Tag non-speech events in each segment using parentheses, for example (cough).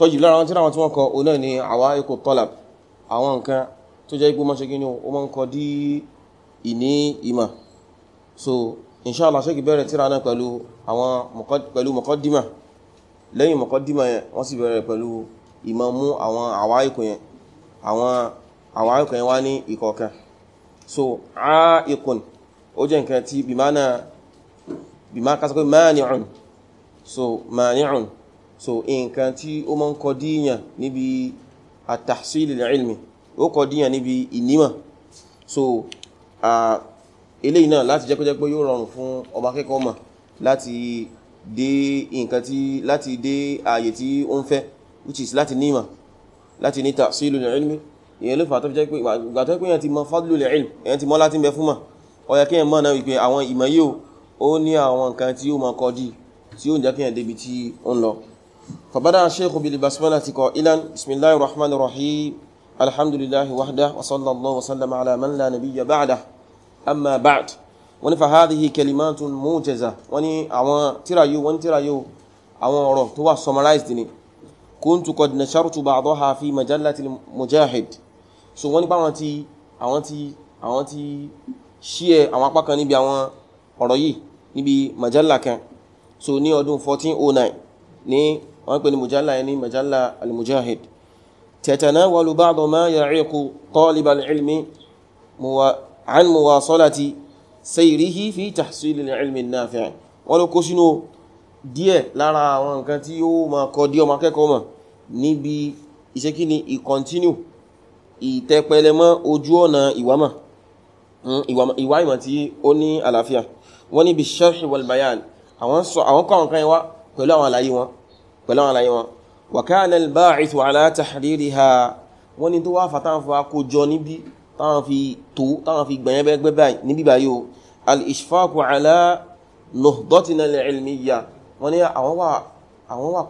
tọ́jì lára wọn tí láwọn tí wọ́n kọ òun náà ni àwa ikú tọ́làb àwọn nǹkan tó jẹ́ ipò mọ́ṣẹ́gí ní o mọ́ ń kọ dí ìní ìmọ̀ so inshallah ṣe kì bẹ̀rẹ̀ tíra náà pẹ̀lú àwọn pẹ̀lú mọ̀kọ́dímà lẹ́yìn mọ̀kọ́dímà yẹn wọ́n sì bẹ̀rẹ̀ pẹ̀lú ìmọ̀ mú àwọn àwa ikú yẹn àwọn so a ikùn ó jẹ́ nǹkan tí bìmá náà bìmá so máa ní so nǹkan tí ó máa ń kọ díyàn níbi àtàṣílì ilmi ó kọ díyàn níbi ìnímọ̀ so eléyìí náà láti jẹ́kọ́jẹ́ pé yóò rọrùn fún ọmọ akẹ́kọ̀ọ́ mọ̀ láti dé nǹkan tí láti dé ààyè tí ó ń fẹ́ which is láti nímọ̀ láti ní tàṣílù ilmi èyàn ló fà tó fi jẹ́ pé ìgbà tó pé èyàn ti mọ fadlu ilmi èyàn ti mọ̀ láti ń bẹ fún mọ̀ ó yẹ kéèyàn mọ̀ náà wípé àwọn ìmọ̀ فبدأ الشيخ بالبسملة قائلا بسم الله الرحمن الرحيم الحمد لله وحده وصلى الله وسلم على من لا نبي بعده أما بعد wọ́n ní fàhádìí kẹlìmáàtù mọ́jẹ̀zà wọ́n ní àwọn tíráyò wọ́n tíráyò àwọn ọ̀rọ̀ tó wà summarized ni kuntu qad nashartu ba'daha fi majallati mujahid so wọ́n nípa àwọn tí àwọn tí àwọn tí ṣíẹ̀ àwọn apá kan níbi àwọn ọ̀rọ̀ yìí níbi majalla kan so ní ọdún 1409 ní wọ́n pè ní mujalla ẹni mujalla al-mujahid tatanawalu ba'da ma ya'iqu talibal ilmi an muwasalati sayrihi fi tahsilil ilmi an-nafi' wọ́n ló kó sínú díẹ̀ lára àwọn nǹkan tí ó ma kọ díọ̀ ma kẹ́kọ̀ọ́ mọ̀ níbi iṣẹ́ kí ni ìkọntínú ìtẹpẹlẹmọ́ ojú ọ̀nà ìwámọ̀ hmm, ìwá ìmọ̀ tí ó ní àlàáfíà wọ́n níbi sharh wal àwọn kọ́ àwọn kan wá pẹ̀lú àwọn àlàyé wọn pẹ̀lú àwọn àlàyé wọn wàkánà al-ba'ith ala tahririha wọ́n ni tó wá fàtàn fún akójọ níbi táwọn fi tó táwọn fi gbẹ̀yẹ́ bẹ́gbẹ́ báyìí níbi báyìí al-ishfaqu ala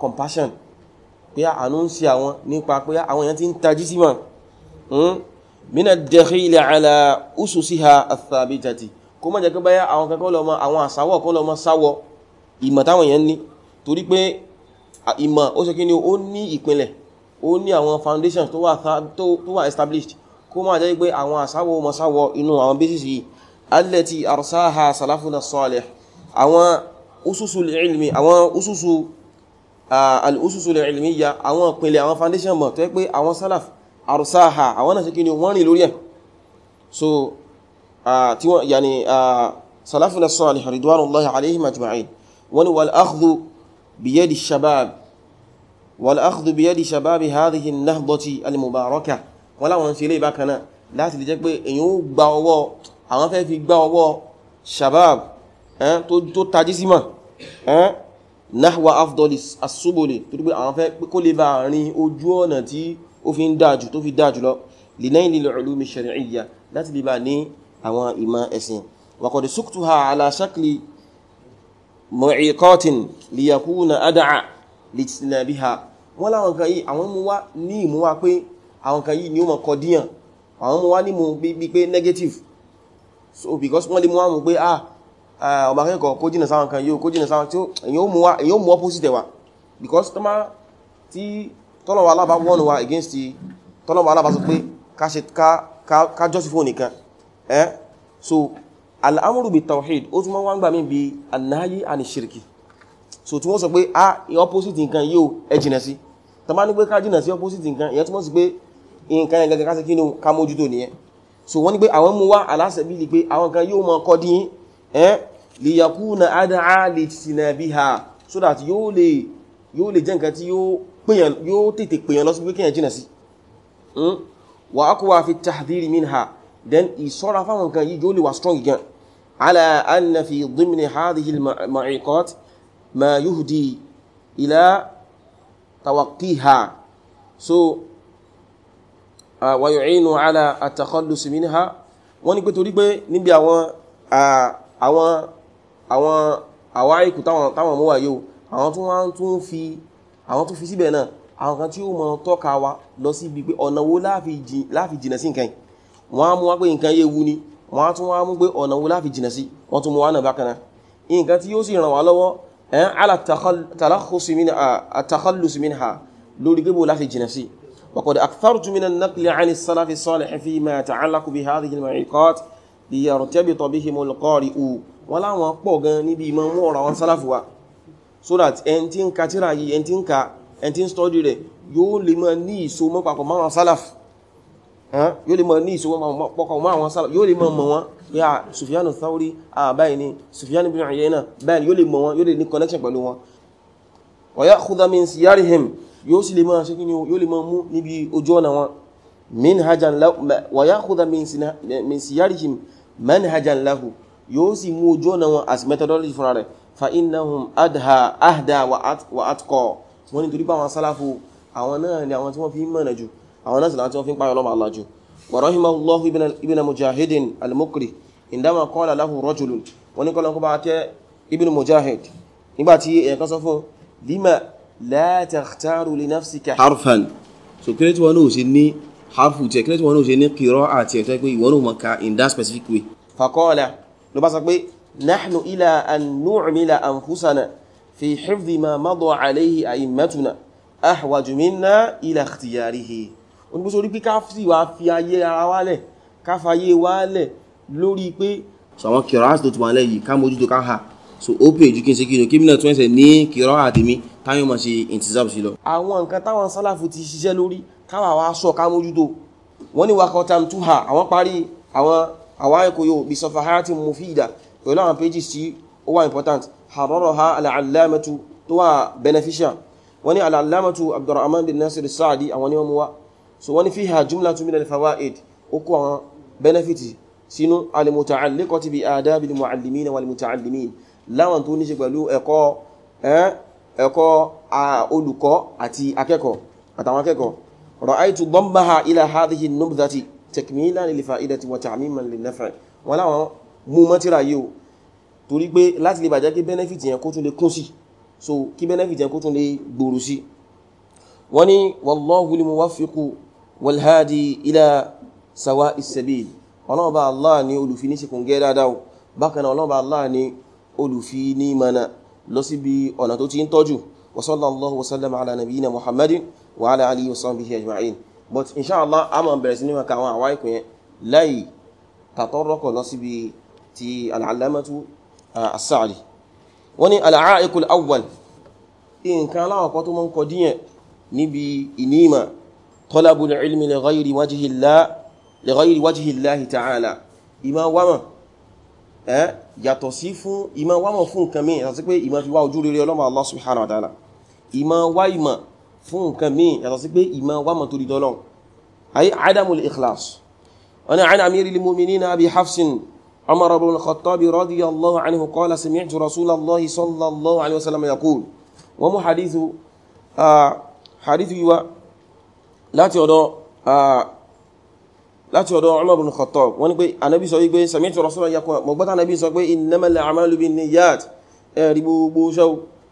compassion pé àánú ń ṣe àwọn nípa pé àwọn èèyàn ti ń tají sí wọn hmm? mina ad-dakhil ala ususiha ath-thabitati kó mọ̀ jẹ́ kí báyá ìmọ̀ táwọn èèyàn ní torí pé ìmọ̀ ó ṣe kí ni ó ní ìpínlẹ̀ ó ní àwọn foundation tó wà tó wà established kó máa jẹ́ pé àwọn àsáwọ̀ masáwọ̀ inú àwọn basis yìí allati salafuna salih àwọn ususu ilmi àwọn àwọn ìpínlẹ̀ àwọn foundation mọ̀ tó pé àwọn salaf arsaha àwọn náà ṣe kí ni wọ́n rìn lórí ẹ̀ so tí wọ́n yàní salafuna salih ridwanullahi alaihim ajma'in wani wal بيد الشباب والأخذ بيد شباب هذه النهضة المباركة ولا láwọn ṣe ilé ìbákaná láti lè jẹ́ pé èyàn ó gba ọwọ́ àwọn fẹ́ fi gba ọwọ́ shabab tó tají símọ̀ nahwa afdol asúbòlè tó tó pé àwọn fẹ́ kó lè bá rin ojú ọ̀nà tí ó fi ń dájú tó fi dájú lọ linaili l'ulumi shari'iyya láti lè bá ní àwọn ìmọ̀ ẹ̀sìn mu'iqatin liyakuna ad'a litinabiha wọ́n láwọn kan yìí àwọn mú wá ní ìmú wá pé àwọn kan yìí ni ó mọ̀ kọdíyàn àwọn mú wá ní mú bí pé negative so because wọ́n lè mú wá mú pé ah, ah ọmọ akẹ́kọ̀ọ́ kó jìnà sáwọn kan yóò kó jìnà sáwọn tí èyí ó mú opposite wa because tọ́má tí tọ́lọ̀wà alába wọ́n wa against ti tọ́lọ̀wà alába sọ pé ká jọ́sí fóònì so al'amuru bi tawhid ó tún mọ́ wọ́n gbà mí bí annahi àni shirki so tí wọ́n sọ pé a ah, opposite nǹkan yóò ẹ jìnà sí tàbá ní pé ká jìnà sí opposite nǹkan ìyẹn túnmọ̀ sí pé nǹkan yẹn gẹ́gẹ́ kásẹ̀ kínú ká mójútó nìyẹn so wọ́n ní pé àwọn mú wá aláṣẹ́bílì pé àwọn kan yóò mọ kọ́ dín ẹ́n so that yóò lè yóò lè jẹ́ nǹkan tí yóò tètè pèyàn lọ sí pé kíyàn jìnà sí hmm? wa aqwa then ìṣọ́ra fáwọn nǹkan yìí yóò lè wà strong again، على أن في ضمن هذه al-ma'iqat ma yuhdi ila tawaqqiha so uh, wa yu'inu ala at-takhallus minha wọ́n ní pé torí pé níbi àwọn uh, àwọn àwọn àwọn àìkù táwọn mú wà yóò àwọn tó wọ́n tún fi àwọn tó fi síbẹ̀ náà àwọn kan tí ó mọ̀ tọ́ka wa lọ sí ibi pé ọ̀nà wo láàfi jìnà sí nǹkan wọ́n á mú wá pé nǹkan yé wu ni wọ́n á tún wá mú pé ọ̀nà wo láfi jìnà sí wọ́n tún mú wá náà bákanáà nǹkan tí yóò sì ràn wá lọ́wọ́ ẹn ala takhallusi minha lórí gbogbo láfi jìnà sí wa qad akthartu min an-naqli 'ani as-salafi as-salih fima yata'allaqu bi hadhihi al-ma'iqat liyartabita bihim al-qari'u wọ́n láwọn pọ̀ yóò lè máa ní ìso mọ́ papọ̀ máwọn yóò lè mọ̀ ní ìṣòwò pọ̀kọ̀ mọ́ àwọn sálà yóò lè mọ̀ mọ̀ wọn yá Sufyanu Thauri àbáyìí ni Sufyanu bin Uyayna báyìí yóò lè mọ̀ wọn yóò lè ní connection pẹ̀lú wọn wa ya'khudha min siyarihim yóò sì lè máa ṣe kíni yóò lè máa mú níbi ojú ọ̀nà wọn minhajan lahu wa ya'khudha min siyarihim manhajan lahu yóò sì mú ojú ọ̀nà wọn as methodology fúnra rẹ̀ fa innahum adha wa atqa wọ́n nítorí bá wọn sálàfù àwọn náà ni àwọn tí wọ́n fi mọ̀nà jù àwọn náà sì láti wọ́n fi ń páyọ̀ lọ́mọ alájú warahimahullahu ibn mujahidin al-mukri indama qala lahu rajulun wọ́n ní kọ́lọ́kọ́ bá tẹ́ ibn mujahid nígbàtí ẹ̀kan sọ fún lima la takhtaru li nafsika harfan so kí lẹ́tí wọn náà ṣe ní harfu tẹ kí lẹ́tí wọn náà ṣe ní kìrọ àti ẹ̀tọ́ pé ìwọ́n náà mọ̀ká in that specific way faqala ló bá fi hifdhi ma madha alayhi a'immatuna ahwaju minna ila ikhtiyarihi onígbóso orí pé ká sì wá fi ayé ara wálẹ̀ ká fayé wálẹ̀ lórí pé so àwọn tó ti wọ́n lẹ́yìn ká mójútó ká ha so ó pè jù kí n ṣe kírun kébìnà tún ẹsẹ̀ ní kìrọ̀ àtèmi táyọ̀ mọ̀ ṣe ìntìzá sí lọ. àwọn nǹkan táwọn sálàfù ti ṣiṣẹ́ lórí káwà wá sọ ká mójútó wọ́n ní wakọ̀ tam tú ha àwọn parí àwọn àwọn ẹ̀kọ́ yóò bí sọfà hayati mufida pẹ̀lú àwọn pages tí ó wà important harọ́rọ̀ ha alàlámẹ́tu tó wà beneficial wọ́n ní alàlámẹ́tu abdurrahman bin nasir saadi àwọn ni wọ́n mú wa so wọ́n ní fiha jumlatun minal fawaid ó kó àwọn benefit sínú al-muta'alliqati bi adabil mu'allimin wal muta'allimin láwọn tó ní ṣe pẹ̀lú ẹ̀kọ́ ẹ̀kọ́ olùkọ́ àti akẹ́kọ̀ọ́ àtàwọn akẹ́kọ̀ọ́ ra'aytu dammaha ila hadhihi an-nubdhati takmilan lil fa'idati wa ta'miman lin naf' wọn láwọn mú mọ́tíra yìí torí pé wọ́n ní wallahu al-muwaffiqu والهادي إلى سواء السبيل ọlọ́run bá allah ni olùfi ní ṣekùn gẹ́ dáadáa bákan náà ọlọ́run bá allah ni olùfi ní mana lọ sí bí ọ̀nà tó ti ń tọ́jú wasallallahu wasallam ala nabiyina muhammadin wa ala alihi wa sahbihi ajma'in but inshallah a ma bẹ̀rẹ̀ sí ní maka àwọn àwáìkù yẹn láì wọ́n ni al'a'ikul tó mọ́ kọ díyẹn níbi ìníma طلب العلم لغير وجه الله لغير وجه الله تعالى ìmá واما ẹ́ yàtọ̀ sí fún ìmá wámọ̀ fún nǹkan mí yàtọ̀ sí pé ìmá fi wá ojú rere ọlọ́mà Allah subhanahu wa ta'ala ìmá wá ìmá fún nǹkan mí yàtọ̀ sí pé ìmá wámọ̀ torí dọ́lọ́n ayé adamul ikhlas wani ana amiri limuminina abi hafsin amara bin khattabi radiyallahu anhu qala sami'tu rasulallahi sallallahu alaihi wasallam yaqul wa mu hadithu ah, hadithu láti ọ̀dọ̀ láti ọ̀dọ̀ Umar ibn Khattab wọ́n ní pé anábí sọ wípé sami'tu Rasulullah yakun mọ̀gbọ́ta anábí sọ pé innamal a'malu binniyat ẹ̀rí gbogbo ṣọ́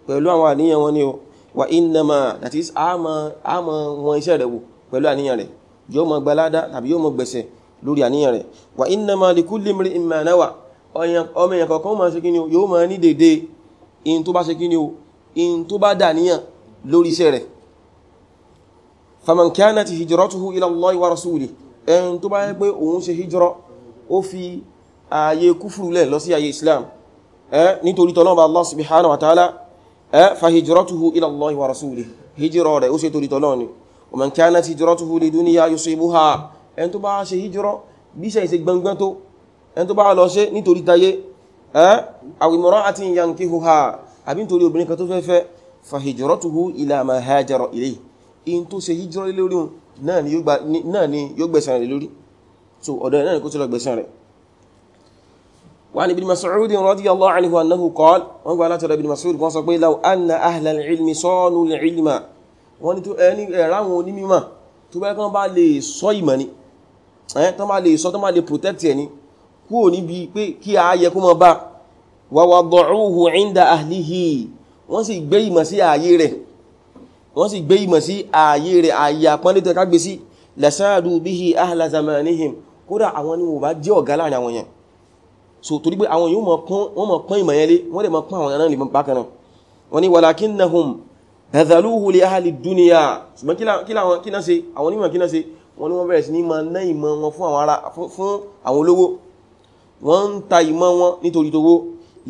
pẹ̀lú àwọn àníyàn wọn ni o wà innama that is àmà wọn iṣẹ́ rẹ̀ wò pẹ̀lú àníyàn rẹ̀ yóò mọ̀ gbalada tàbí yóò mọ̀ gbẹ̀sẹ̀ lórí àníyàn rẹ̀ wà innama likulli imri'in ma nawa ọmọ èèyàn kọ̀ọ̀kan máa ṣe kíni o yóò iṣẹ́ rẹ̀ faman kanat hijratuhu ila Allahi wa rasulih ẹn tó bá yẹ pé òun ṣe hijrọ ó fi ààyè kúfùrù lẹ̀ lọ sí ààyè islam ẹ nítorí tọ́lọ́ba Allah subhanahu wa ta'ala ẹ fa hijratuhu ila Allahi wa rasulih hijrọ rẹ̀ ó ṣe torí tọ́lọ́ ni waman kanat hijratuhu li dunya yusibuha ẹn tó bá ṣe hijrọ bí ṣe ìṣe gbangban tó ẹn tó bá lọ ṣe nítorí tayé ẹ aw imra'atin yankihuha àbí nítorí obìnrin kan tó fẹ́ fẹ́ fa hijratuhu ila ma hajara ilayhi in tó ṣe hijira lórí òun náà ni yóò gbẹ̀san rẹ̀ lórí so ọ̀dọ̀ náà ni kó tó lọ gbẹ̀san rẹ̀ وعن ابن مسعود رضي الله عنه أنه قال وقال ترى ابن مسعود قال لو أن أهل العلم صانوا العلم wọ́n ni tó ẹni ẹ̀ráwọn onímímọ̀ tó bá kán bá lè sọ ìmọ̀ ni ẹ́ tán bá lè sọ tán bá lè protect ẹni wọ́n sì gbé ìmọ̀ sí ààyè rẹ̀ wọ́n sì gbé ìmọ̀ sí ààyè rẹ̀ ààyè àpọ́nlé tó kágbé sí lẹ́sàádù bihi ahla zamanihim kódà àwọn ni wọ́n bá jẹ́ ọ̀gá láàrin àwọn yẹn so torí pé àwọn yóò mọ̀ pọ́n ìmọ̀ yẹn lé wọ́n lè mọ̀ pọ́n àwọn ẹran lè bákan náà wọ́n ni walakinnahum bẹ̀dàlúhù lè ahàlì dúnìyà ṣùgbọ́n kí náà ṣe àwọn onímọ̀ kí náà ṣe wọ́n ni wọ́n bẹ̀rẹ̀ sí ní máa ná ìmọ̀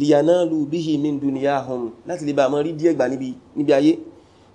liyanalu bihi min duniyahum láti lè bá mọ́ rí díẹ̀ gbà níbi ayé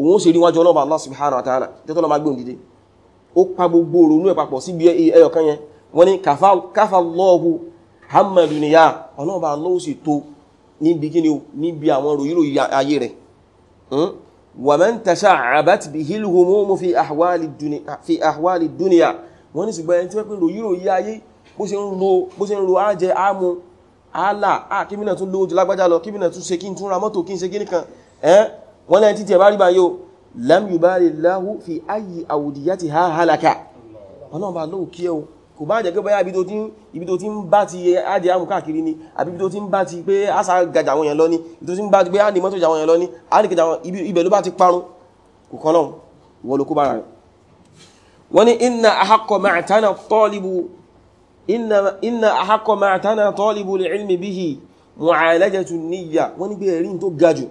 òun ṣe rí wájú ọlọ́ba Allah subhanahu wa ta'ala jẹ́ tọ́lọ́ máa gbé òdìdé ó pa gbogbo ronú ẹ̀ papọ̀ síbi ẹyọ kan yẹn wọ́n ni káfà lọ́ọ̀hù hamadu ni ya ọlọ́ba Allah sì tó hmm? ẹni tí wọ́n pín ròyìnrò yí ayé bó ṣe ń ro ájẹ ámú àálà àkímínà tún lóòjì lágbájá lọ kímínà tún ṣe kí n tún ra mọ́tò kí n ṣe kí ẹ́ wọ́n lẹ́yìn títí ẹ̀bá rí bá yóò lam yubali lahu fi ayi awudiyati ha halaka ọlọ́ọ̀bá lóò kí ẹ̀wọ̀ kò bá jẹ́ pé báyá ibi tó ti ń bá ti ajẹ́ àmù káàkiri ni àbí ibi tó ti ń bá ti pé àṣà gajà àwọn èèyàn lọ ní ibi tó ti ń bá ti pé àní mọ́tò jàwọn èèyàn lọ ní àríkẹjà ibẹ̀ ló bá ti parun kò kọ́ lọ́hun wọ́n ló kó bára rẹ̀ wọ́n ni inna ahakọ̀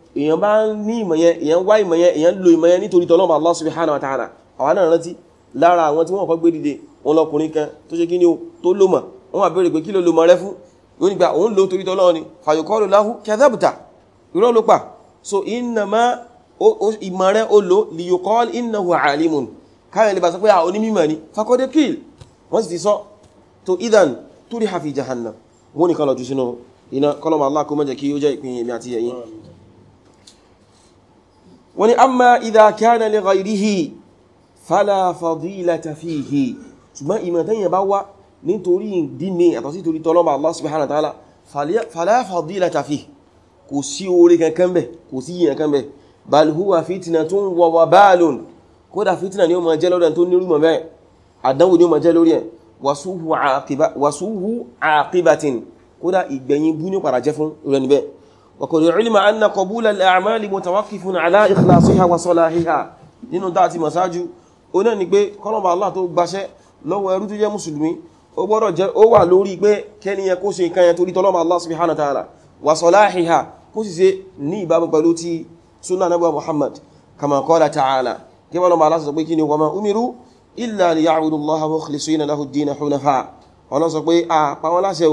èyàn bá ní ìmọ̀ yẹn èyàn wá ìmọ̀ yẹn èyàn lo ìmọ̀ yẹn nítorí tọ́lọ́mà Allah subhanahu wa ta'ala àwọn náà rántí lára àwọn tí wọ́n kọ́ gbé dìde wọn lọkùnrin kan tó ṣe kí ni tó lómà wọ́n àbẹ̀rẹ̀ pé kí ló lómà rẹ fún yóò nígbà òun so innama ìmọ̀ rẹ ó lo liyuqal innahu alimun káyọ̀ lè bá sọ pé àwọn onímọ̀ ni fakọ́dé kíl wọ́n sì ti sọ to idan turiha fi jahannam wọ́n ni kan lọ jù sínú iná kọlọmọ Allah wọ́n ni amma idha kana li ghayrihi fala fadilata fihi ṣùgbọ́n ìmọ̀tẹ́yìn bá wá nítorí dínmi àtọ́sí torí tọ́lọ́mà Allah subhanahu wa ta'ala fala fadilata fihi kò sí oore kankan bẹ̀ kò sí yìnyàn kan bẹ̀ bal huwa fitnatun wa wabalun kódà fitna ni ó ma jẹ́ lọ́dọ̀ tó nírú mọ̀ bẹ́ẹ̀ àdánwò ni ó ma jẹ́ lórí ẹ̀ wasuhu aqibatin kódà ìgbẹ̀yìn bú ní ó fún rẹ̀ níbẹ̀ وقد علم أن قبول الأعمال متوقف على إخلاصها وصلاحها nínú dáàtí masájú o náà ni pé kọ́lọ̀bà Allah tó gbaṣẹ́ lọ́wọ́ ẹrú tó jẹ́ musulmi ó gbọ́dọ̀ jẹ́ ó wà lórí pé kẹ́niyàn kó ṣe ìkanyàn torí tọ́lọ́mà Allah subhanahu wa ta'ala wa salahiha kó sì ṣe ní ìbámu pẹ̀lú ti sunna nabi Muhammad kama qala ta'ala gẹ́bọ́lọ́mà Allah sọ pé kí ni wa ma umiru illa liya'budu Allah mukhlisina lahu ad-din hunafa ọlọ́sọ pé a pa wọn láṣẹ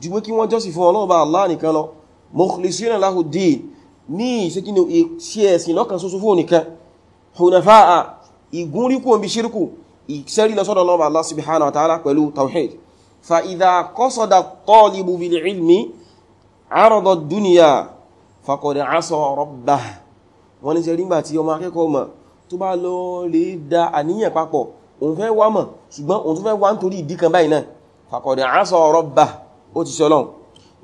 ju pé kí wọ́n jọ́sìn fún Ọlọ́run bá Allah nìkan lọ mukhlisina lahu din ní ìṣẹ́kíní ṣe ẹ̀sìn lọ́kàn ṣoṣo fún nìkan hunafa'a ìgúnríkù omi ṣírkù ìṣẹ́rí lọ́sọ́dọ̀ lọ́wọ́ Allah subhanahu wa ta'ala pẹ̀lú tawhid fa idha qasada talibu bil ilmi arada dunya faqad asa rabbah wọ́n ní ṣe rí gbàtí ọmọ akẹ́kọ̀ọ́ mọ̀ tó bá lọ lè da àníyàn papọ̀ òun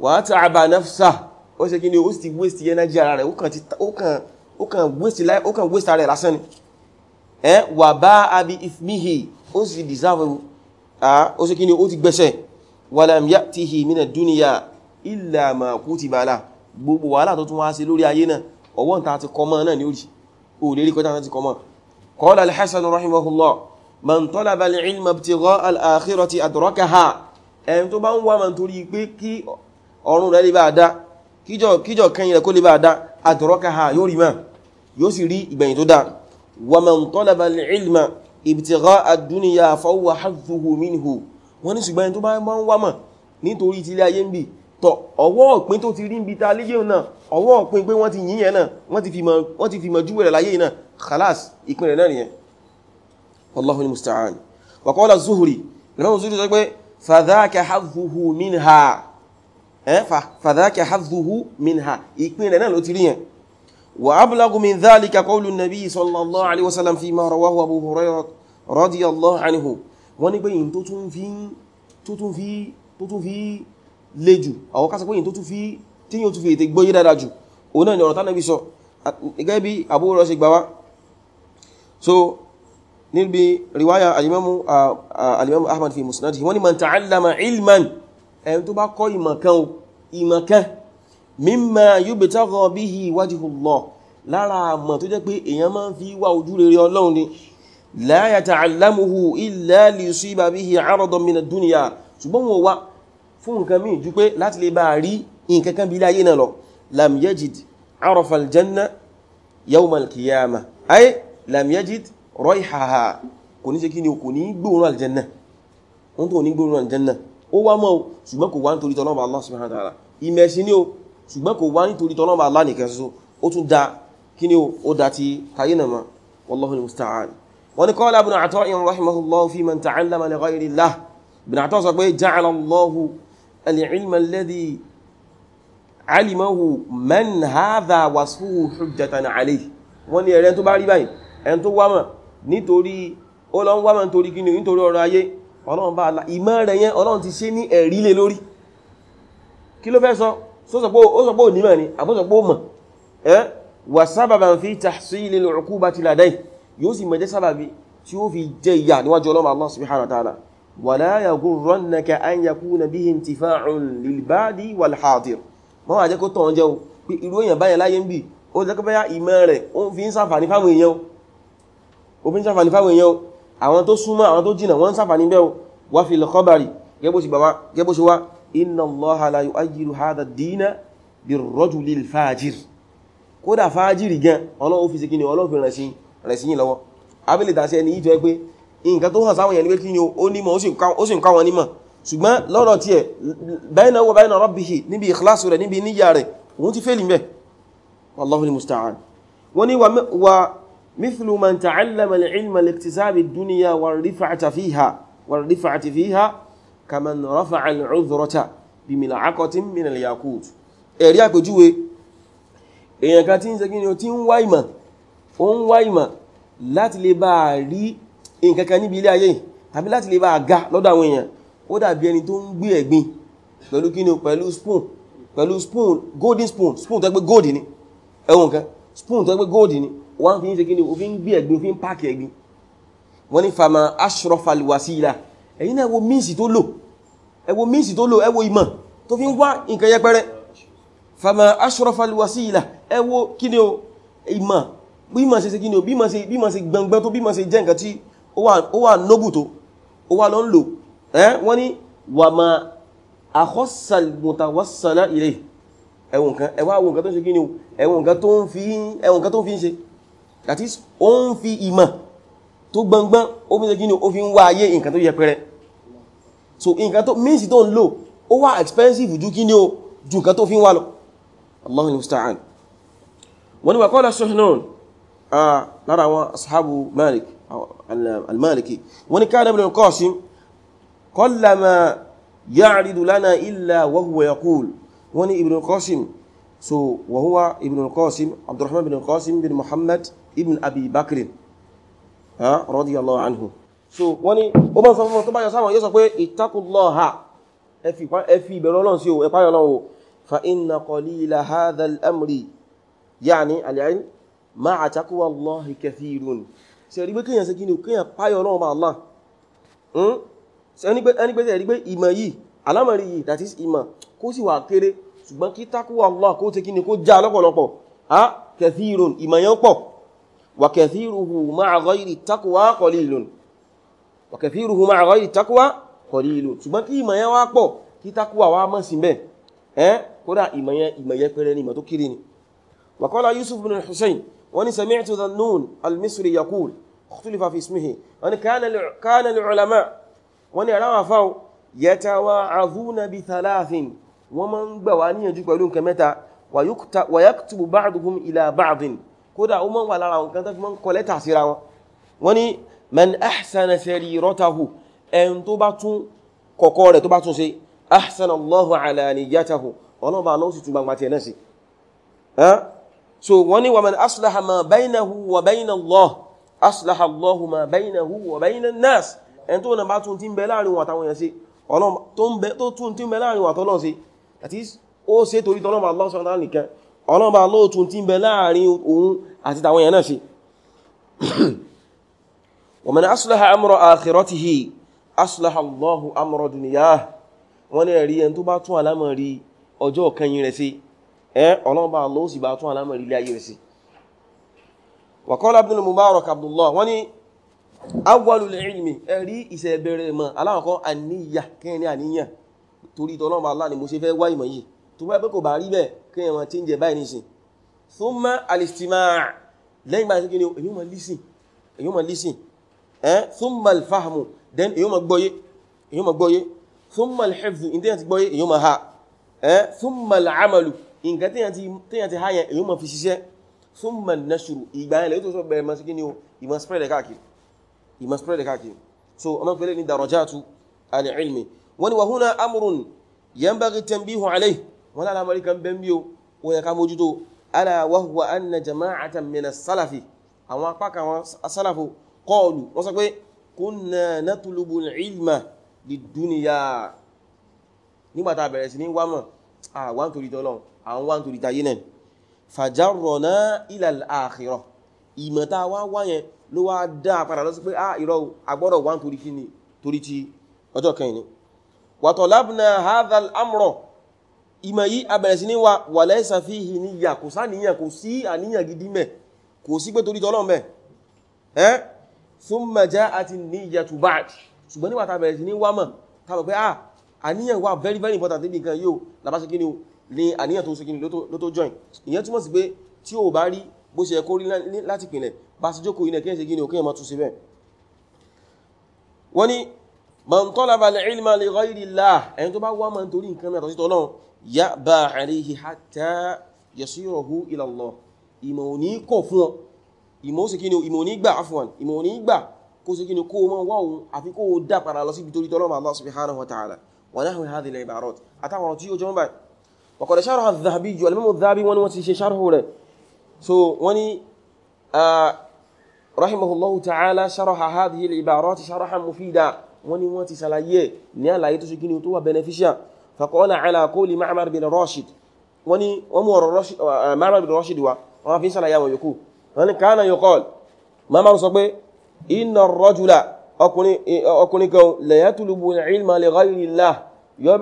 wa ta'aba nafsah ó ṣe kí ni ó sì ti waste energy ara rẹ̀ ó kàn waste life ó kàn waste ara rẹ̀ lásán ni ẹ wà bá abi ifmihi ó sì deserve ó ṣe kí ni ó ti gbẹ̀ṣẹ̀ walam ya'tihi mina dúníyà illa ma kutiba la gbogbo wàhálà tó tún wá sí lórí ayé náà ọwọ́n ta ti kọmọ náà ní orí ò lè rí kọjá ti kọmọ qala al-Hasan rahimahullah ọ̀run rẹ̀ lè bá dáa kíjọ kẹyìn rẹ̀ kó lè bá dá àtọ̀rọ́ká ha yóò rí máa yóò sì rí ìgbẹ̀yìn tó dá wa man talaba al-ilma ibtigha ad-dunya fa huwa hadduhu minhu wọ́n ní ṣùgbọ́n tó bá ń wá mọ̀ nítorí tilé ayé ń bì tọ̀ ọwọ́ ọ̀pin tó ti rí ń bi ta léyé náà ọwọ́ ọ̀pin pé wọ́n ti yíyẹn náà wọ́n ti fi Eh, fàdákẹ́ hazuhu minha ìpín rẹ̀ náà ló ti rí yẹn wà ábúlágù min dhalika qawlu nabi sallallahu alaihi wasallam fi ma rawahu abu hurairah radiyallahu anhu wọ́n ní pé yìí tó tún fi lè jù àwọn kásà pé yìí tó tún fi tí yíò tún fi ètè so níbi riwaya alimamu ahmad fi musnad wọ́n ni man ta'allama ilman ẹni tó bá kọ́ ìmọ̀kan o ìmọ̀kan mimma yubtagha bihi wajhullah lára àmọ̀ tó jẹ́ pé èèyàn máa ń fi wá ojú rere Ọlọ́run ni la yata'allamuhu illa liyusiba bihi 'aradan min ad-dunya ṣùgbọ́n wọn wá fún nǹkan míì ju pé láti lè bá rí nǹkan kan bí láyé náà lọ lam yajid 'arafa al-janna yawma al-qiyamah ó wá mọ́ ṣùgbọ́n kò wá nítorí tọ́lọ́mà Allah subhanahu wa ta'ala ìmẹ̀sí ní o ṣùgbọ́n kò wá nítorí tọ́lọ́mà Allah nìkan ṣoṣo ó tún dá kí ni ó dá ti tayé nàmà wallahu al-musta'an wọ́n ni qala ibn Ata'i rahimahullahu fi man ta'allama li ghayri Allah ibn Ata'i sọ pé ja'ala Allahu al-ilma alladhi alimahu man hadha wasfuhu hujjatan alayhi ẹ̀rẹ́ tó bá rí báyìí ẹ̀n tó wámọ̀ nítorí ó lọ ń wámọ̀ nítorí kí ni nítorí ọ̀rọ̀ ayé ọlọ́run bá alá ìmọ̀ rẹ̀ yẹn ọlọ́run ti ṣe ní ẹ̀rí lé lórí kí ló fẹ́ sọ ó sọpọ̀ onímọ̀ ni àbúsọpọ̀ mọ̀ ẹ́ wà sábàbà ń fi tahsil al-uqubati ladayhi yóò sì mẹ́jẹ́ sábàbí tí ó fi jẹ ìyà níwájú ọlọ́run Allah subhanahu wa ta'ala wala yaghurrannaka an yakuna bihi intifa'un lil-badi wal-hadir mọ́ wà jẹ́ kó tọ̀ àwọn tó súnmọ́ àwọn tó jìnà wọ́n sáfà níbẹ̀ wà fil khabari gẹ́bó ṣe wá inna Allaha la yu'ayyiru hadha ad-dina bir-rajulil fajir kódà fájìrì gan ọlọ́wọ́ fi sí kí ni ọlọ́wọ́ fi rẹ̀ sí rẹ̀ sí yìí lọ́wọ́ abílẹ̀ tàṣẹ ẹni yìí tó ẹ pé nǹkan tó hàn sáwọn èèyàn ní pé kí ni ó nímọ̀ ó sì ń káwọn nímọ̀ ṣùgbọ́n lọ́rọ̀ tí ẹ̀ bayna مثل من تعلم العلم لاكتساب الدنيا والرفعة فيها والرفعة فيها كمن رفع العذرة بملعقة من الياقوت ẹ̀rí àpèjúwe èèyàn kan tí ń segin ni ó ti ń wá ìmọ̀ ó ń wá ìmọ̀ láti lè bá rí nǹkan kan níbi ilé ayé tàbí láti lè bá ga lọ́dọ̀ àwọn èèyàn ó dàbí ẹni tó ń gbé ẹ̀gbin pẹ̀lú kíni pẹ̀lú spoon pẹ̀lú spoon golden spoon spoon tó gbé gold ni ẹ̀wọ̀n kan spoon tó gbé gold ni wọ́n fi ń ṣe kíni òfin gbé ẹ̀gbin òfin páàkì ẹ̀gbin wọ́n ní fama ashrafal wasila ẹ̀yìn náà ẹwọ míìsì tó lò ẹwọ míìsì tó lò ẹwọ ìmọ̀ tó fi ń wá nǹkan yẹpẹrẹ fama ashrafal wasila ẹwọ kíni o ìmọ̀ bí ma ṣe ṣe kíni o bí ma ṣe bí ma ṣe gbangban tó bí ma ṣe jẹ́ nǹkan tí ó wà nógù tó ó wà lọ ń lò wọ́n ní wà ma akhassal mutawassala ilayhi ẹwọ nǹkan tó ń ṣe kíni o ẹwọ nǹkan tó ń fi ń ṣe that is ó ń fi ìmọ̀ tó gbọngbọ́n ó fi ṣegí ní ó fi ń wá ayé nǹkan tó yẹpẹrẹ so nǹkan tó means tó ń lò ó wá expensive jù kí ní o jù nǹkan tó fi ń wá lọ Allahu musta'an wọ́n ni wà qala Suhnun lára àwọn ashabu Malik al-Maliki wọ́n ni kana Ibn al-Qasim qallama lana illa wa huwa yaqul wọ́n Ibn qasim so wàhúwá ibn al-qasim abdurrahman ibn al-qasim ibn muhammad ibn abi bakrin radiyallahu anhu so wọ́n ni ó bá ń sọ fún tó bá yọ sáwọn yóò sọ pé ittaqullaha ẹ fi ìbẹ̀rù Ọlọ́run sí o ẹ páyọ̀ Ọlọ́run o fa inna qalila hadha al-amri ya'ni al-'ilm ma'a taqwallahi kathirun ṣe rí pé kíyàn sí gíní kíyàn páyọ̀ Ọlọ́run máa Allah hmm? ẹni pé ṣe rí pé ìmọ̀ yìí alámọ̀rí that is ìmọ̀ kó sì wà kéré ṣùgbọ́n kí takuwa Allah kó tẹ́ kí ni kó já lọ́pọ̀lọpọ̀ ha kathirun ìmọ̀yán pọ̀ wa kathiruhu ma'a ghayri takuwa qalilun wa kathiruhu ma'a ghayri takuwa qalilun ṣùgbọ́n kí ìmọ̀yán wá pọ̀ kí takuwa wá mọ́ sí bẹ́ ẹ́ kódà ìmọ̀yán ìmọ̀yán pẹ̀rẹ̀ ni ìmọ̀ tó kiri ni wa qala Yusuf bin Hussein wọ́n máa ń gbà wá níyànjú pẹ̀lú nǹkan mẹ́ta wa yaktubu ba'duhum ila ba'din kódà ó máa ń wà lára àwọn kan tó fi máa ń kọ lẹ́tà síra wọn wọ́n ní man ahsana sariratahu ẹn tó bá tún kọ̀kọ́ rẹ̀ tó bá tún ṣe ahsana Allahu alaniyatahu ọlọ́run bá lọ́wọ́ sì tún gbangba tiẹ̀ náà sí so wọ́n ní wa man aslaha ma baynahu wa bayna Allah aslaha Allahu ma baynahu wa bayna nas ẹn tó na bá tún ti ń bẹ láàrin wọn yẹn sí ọlọ́run tó tún ti ń bẹ láàrin wọn àtọ́lọ́run sí that is ó ṣe torí tọ́lọ́mà Allah subhanahu wa ta'ala nìkan ọlọ́mà lóòtún tí ń bẹ láàrin òun àti tàwọn èèyàn náà ṣe (clears throat) wa man aslaha amra akhiratihi aslaha Allahu amra dunyah wọ́n ní ẹ̀rí ẹn tó bá tún alámọ̀rí ọjọ́ kẹyìn rẹ̀ sí ẹ ọlọ́mà ló sì bá tún alámọ̀rí ilé ayé rẹ̀ sí wa qala Ibnul Mubarak Abdullah wọ́n awwalul ilmi ẹ̀rí ìṣẹ̀bẹ̀rẹ̀ mọ̀ aláwọ̀kọ́ àníyà kẹ́ ní àníyàn torí tọ́lọ́mọ Allah ni mo ṣe fẹ́ wá ìmọ̀ yìí tó bá pẹ́ kò bá rí bẹ́ẹ̀ kí ẹ̀wọ̀n tí ń jẹ báyìí nìsìn thumma al-istima' lẹ́yìn bá ṣe kí ni èyí ó máa then èyí ó máa gbọ́yé èyí ó máa gbọ́yé thumma al-hifdhu in tẹ́yàn ti gbọ́yé èyí ó máa ha eh thumma al-amalu nǹkan tẹ́yàn ti ha yẹn ìgbà yẹn ni ìmọ̀ spread so ọmọ pẹ̀lẹ́ ni darajatu al-ilmi wọ́n ni wà húnna amurun yanbaghi tanbihu alayhi wọ́n lára mọ́rí kan bẹ́ ń bí o ó yẹ ká mójútó ala wa huwa anna jama'atan mina salafi àwọn apá kan wọn salafu qalu wọ́n sọ pé kunna natlubu ilma lidunya nígbà tá bẹ̀rẹ̀ sí ní wámọ̀ àwọn torí tọ́lọ́ àwọn wá torí tayé náà fajarrona ila al-akhirah ìmọ̀ tá wá wáyẹn ló wá dá padà lọ sí pé ah ìrọ̀ àgbọ́dọ̀ wá torí kí ti ọjọ́ kẹyìn ni wàtọ̀lábùnà hadhal amrọ̀ ìmọ̀ yí abẹ̀rẹ̀ sí ní wa wà lẹ́sà fi hì ní yà kò sáníyàn kò sí àníyàn gidi mẹ́ kò sí pé torí tọ́lọ́ mẹ́ ẹ́ thumma ja'ati niyyatu ba'd ṣùgbọ́n níwà tàbẹ̀rẹ̀ sí ní wá mọ̀ tàbẹ̀ ah, very very important níbi nǹkan yóò labáṣe kí ni o ní àníyàn tó ń ṣe ni ló tó join ìyẹn túmọ̀ sí pé tí o bá rí bó ṣe kó rí láti pìnlẹ̀ bá sí wọ́n ni man talaba al-ilma li ghayri Allah ẹni tó bá wá ma ń torí nǹkan mẹ́ta títọ́ náà ya'ba alayhi hatta yasirahu ila Allah ìmọ̀ ò ní kọ̀ fún ọ ìmọ̀ sí kíni ìmọ̀ ní gbà afwan ìmọ̀ ní gbà kó sí kíni kó ma wá òun àfi kó so wani ah, rahimahullahu ta'ala sharaha hadhihi al-ibarat sharahan mufida wọ́n ní wọ́n ti ṣàlàyé ẹ̀ ní àlàyé tó ṣe kí ni tó wà beneficial faqala ala qawli Ma'mar bin Rashid wọ́n ní wọ́n mú ọ̀rọ̀ uh, uh, Ma'mar bin Rashid wa wọ́n fi ń ṣàlàyé àwọn yòókù wọ́n ní kana yuqal Ma'mar sọ pé inna ar-rajula ọkùnrin kan la yatlubu al-ilma li ghayri Allah yọ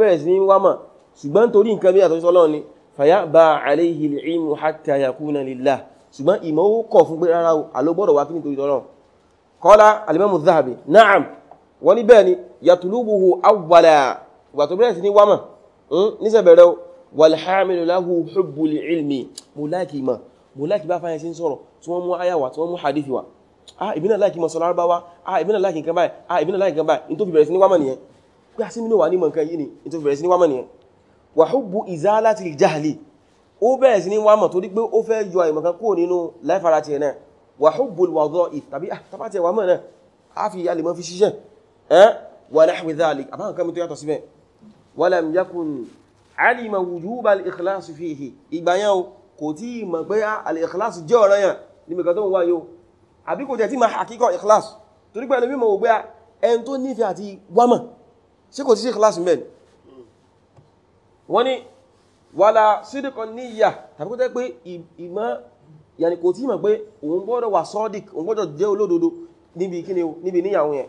ṣùgbọ́n ìmọ̀ ó kọ̀ fún pé rárá alógbọ́dọ̀ wá kí nítorí tọ́lọ́ qala al-imam adh wọ́n ní bẹ́ẹ̀ ni yàtùlúbùhù awwala ìgbà tó bẹ̀rẹ̀ sí ní wámà hmm, nísẹ̀bẹ̀rẹ̀ wàlhàmìlú láhù hubbul ilmi mo láìkì ma mo láìkì bá fáyẹ̀ sí sọ̀rọ̀ tí wọ́n mú ayàwà tí wọ́n mú hadithi wa ah ìbínà láìkì mọ̀ sọ̀lárúbáwá ah ìbínà láìkì nǹkan báyìí ah ìbínà láìkì nǹkan báyìí in tó fi bẹ̀rẹ̀ sí ní wámà nìyẹn pé a sí mínú wà ní mọ̀nkan yìí ni in tó fi bẹ̀rẹ̀ sí ní wámà nìyẹn wà hubbu izalati jahli ó bẹ̀rẹ̀ sí ní wámà torí pé ó fẹ́ yọ àìmọ̀kan ah, a fi alìmọ́ fi ṣiṣẹ́ Eh? wa nahwi dhalik àbáwọn kan tó yàtọ̀ síbẹ̀ walam yakun alima wujuba al-ikhlas fihi ìgbàyàn kò tí mọ̀ pé ah, al-ikhlas jẹ́ ọ̀ranyàn níbi kan tó wà yóò àbí kò tẹ̀ tí ma hakíkọ̀ ikhlas torí pẹ̀lú mímọ̀ ògbé ah, ẹn tó nífẹ̀ẹ́ àti wámọ̀ sí kò tí sí ikhlas mẹ́rin wọ́n ni wala sídìkọ̀ níyà tàbí kò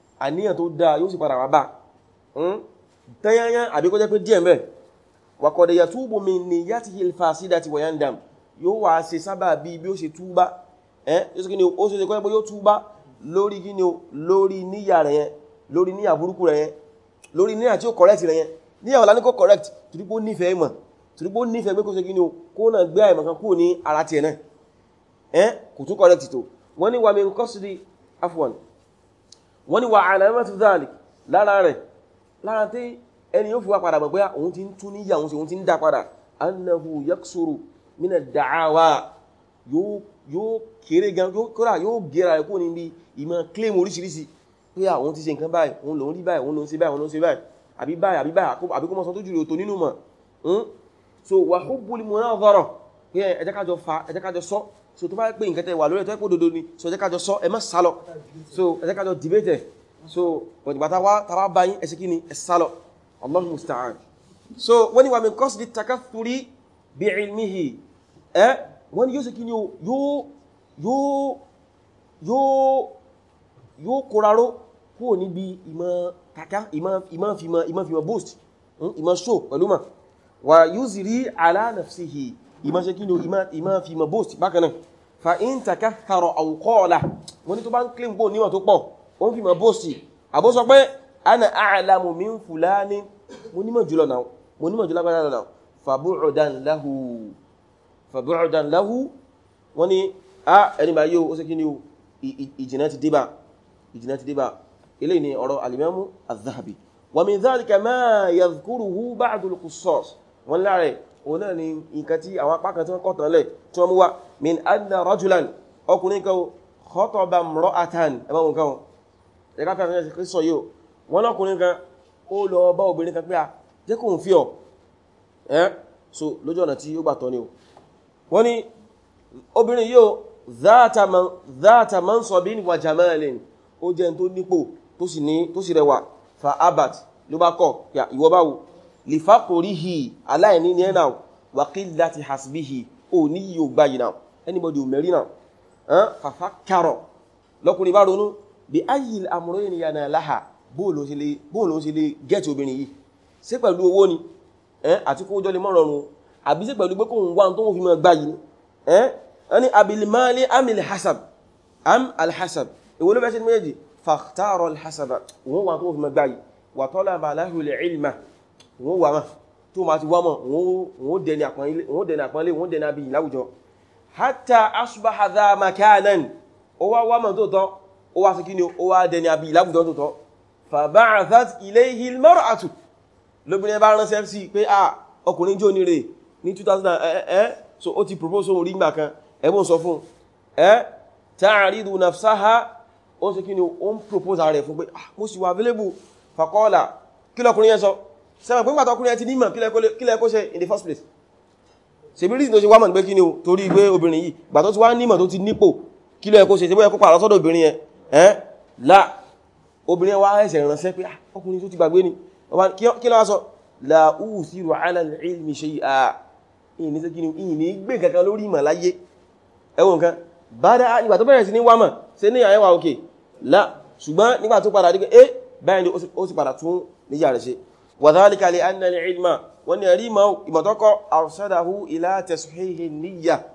àníyàn tó dáa yóò sì padà wá bá hmm? tẹ́yányán àbí kó jẹ́ pé díẹ̀ mẹ́ túbò mi ni yá ti hìl fàásídà ti wọ̀yán dàm yóò wà ṣe sábà bí bí ó ṣe túbá ẹ́ yóò ṣe ni ó ṣe kọ́ yóò túbá lórí kí ni lórí níyà rẹ̀ lórí níyà burúkú rẹ̀ lórí níyà tí ó correct rẹ̀ yẹn níyà wà lánìkọ́ correct tùdúgbò nífẹ̀ẹ́ mọ̀ tùdúgbò nífẹ̀ẹ́ ni kó náà gbé àìmọ̀ kan kúrò ní ara tiẹ̀ náà wọ́n ní wà alamatu dhalik lára rẹ̀ lára tí ẹni yóò fi wá padà gbogbo òun ti ń tún níyà òun sí òun ti ń dá padà annahu yaksuru mina da'awa yóò kéré gan yóò kóra yóò gẹ́ra ẹ̀kọ́ ní bí ìmọ̀ claim oríṣiríṣi pé àwọn ti ṣe nǹkan báyìí òun lòun rí báyìí òun lòun ṣe báyìí hmm? so wà hubbul munazara pé ẹjẹ́ kájọ sọ so tó bá pé nǹkan tẹ́ wà lórí tó pé dodo ni so jẹ́ ká jọ sọ ẹ má sá lọ so jẹ́ ká jọ debate so but gbà tá wá tá wá bá yín ẹ ṣe kíni ẹ sá lọ musta'an so wọ́n ní wa min qasdi takaththuri bi ilmihi eh wọ́n ní yóò ṣe kíni yo yo yo yo koraro kò ní bí ìmọ̀ kàkà ìmọ̀ ìmọ̀ fi mọ̀ ìmọ̀ fi boost hm, ìmọ̀ show pẹ̀lú ma wa yuzri ala nafsihi ìmọ̀ ṣe kí ni ìmọ̀ fi mọ̀ bóòsì bákan náà fa in taka karo àwùkọ́ọ̀lá wọ́n ni tó bá ń claim bó níwọ̀n tó pọ̀ ó ń fi mọ̀ bóòsì àbó sọ pé ana a'lamu min fulani mo nímọ̀ jùlọ náà mo nímọ̀ jùlọ gbára náà fàbúrọ̀dán lahu fàbúrọ̀dán lahu wọ́n ni a ẹni bá yóò òun náà ni nǹkan tí àwọn apá kan tí wọ́n kọ̀tàn lẹ̀ tí wọ́n mú wá min anna rajulan ọkùnrin kan khataba imra'atan ẹ̀bá wọn kan ẹ̀ká fẹ́ fẹ́ fẹ́ sọ yóò wọ́n lọ́kùnrin kan ó lọ bá obìnrin kan pé a jẹ́ kóhun fi ọ̀ ẹ́ so lójú ọ̀nà tí ó gbàtọ́ ni o wọ́n ni obìnrin yóò dhata mansabin wa jamalin ó jẹ́ tó nípò tó sì rẹwà fa abat ló bá kọ̀ ìwọ báwo lifakorihi aláìní ní ẹ̀nà wàkílá ti hasbihi ò ní yíò gbáyì náà anybody ò mẹ́rí náà fàfà kárọ̀ lọ́kùnrin bá ronú bí ayi amúrẹ́ ni yana láha bóòlù sí lè gẹ́ẹ̀tì obìnrin yìí ṣé pẹ̀lú owó ni àti kó jọlẹ̀ mọ́rọ̀rùn àbí ṣé pẹ̀lú pé kò ń wá tó ń fi mọ́ gbáyì ni ẹni abilimali amil hasab am alhasab ìwọ́n ló fẹ́ sí méjì fàtàrọ̀ alhasaba òun wà tó ń fi mọ́ gbáyì wà tọ́lá bàláhùlẹ̀ ilma wọ́n wà mọ́ tó ma ti wà mọ́ wọ́n dẹni àpọ́nlé wọ́n dẹni àbí láwùjọ hatta asbaha dha makanan ó wá wà mọ́ tó tọ́ ó wá sí kíni ó wá dẹni àbí láwùjọ tó tọ́ fa ba'athat ilayhi al-mar'atu lóbìnrin bá ránṣẹ́ sí pé à ọkùnrin jò ní rẹ̀ ní 2000 ẹ́ so ó ti propose ohun rí gbà kan ẹbùn sọ fún ẹ́ ta'aridu nafsaha ó sì kí ni ó ń propose ààrẹ fún pé ah mo sì wà available faqala kí lọkùnrin yẹn sọ sẹ́wọ̀n pé pàtàkùnrin ẹ ti nímọ̀ kílẹ̀ kó ṣe in the first place ṣe bí reason tó ṣe wá mọ̀ pé kí ni o torí pé obìnrin yìí gbà tó ti wá nímọ̀ tó ti nípò kílẹ̀ kó ṣe ṣe bóyá kó pàrọ̀ sọ́dọ̀ obìnrin yẹn ẹ́n la obìnrin wá ẹ̀ṣẹ̀ ránṣẹ́ pé ah, ọkùnrin tó ti gbàgbé ni kí lọ́wọ́ sọ la usiru ala al-ilmi shay'a ìní sí kí ni ìní gbé kankan lórí ìmọ̀ láyé ẹwọ nǹkan bá dá nígbà tó bẹ̀rẹ̀ sí ní wámọ̀ sí ní àyẹ̀wà òkè la ṣùgbọ́n nígbà tó padà dé pé eh báyìí ó sì padà tún níyà rẹ̀ ṣe وذلك لأن العلم وأن العلم إمتوك أرسله إلى تصحيح النية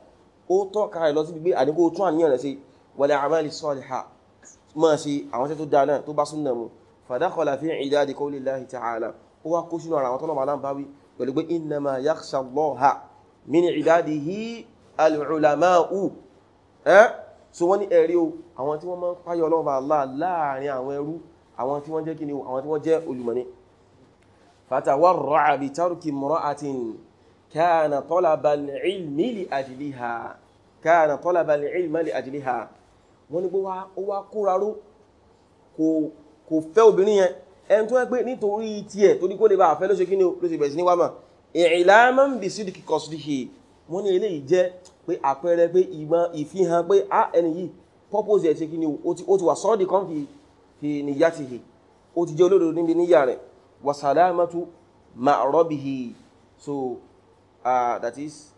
أوتوك على لازم بي أن يكون توان ينسي ولا أعمال الصالحة ما سي أعوان تدانا تبع سنة فدخل في عداد قول الله تعالى هو قوشن على وطن معلم باوي ولقب إنما يخشى الله من عباده العلماء أه؟ so wọ́n ní ẹ̀rí o àwọn tí wọ́n máa ń páyọ̀ lọ́wọ́ Allah láàrin àwọn ẹrú àwọn tí wọ́n jẹ́ kí ni àwọn tí wọ́n jẹ́ olùmọ̀ ni fatawarra'a bi tarki imra'atin kana talaba al-ilmi li ajliha kana wọ́n ní gbówá ó wá kóraró kò fẹ́ obìnrin yẹn ẹn tó ń pé nítorí tí ẹ̀ tó ní kó lè bá àfẹ́ ló kí ní ló ṣe bẹ̀rẹ̀ sí ní wámà i'laman bi sidqi qasdihi wọ́n ní eléyìí jẹ́ pé àpẹẹrẹ pé ìmọ̀ ìfihàn pé a ẹni yìí purpose ẹ̀ ṣe kí ní ó ti wà sọ́ọ́dì kan fi niyatihi ó ti jẹ́ olódodo níbi níyà rẹ̀ wa salamatu ma'rabihi so uh, that is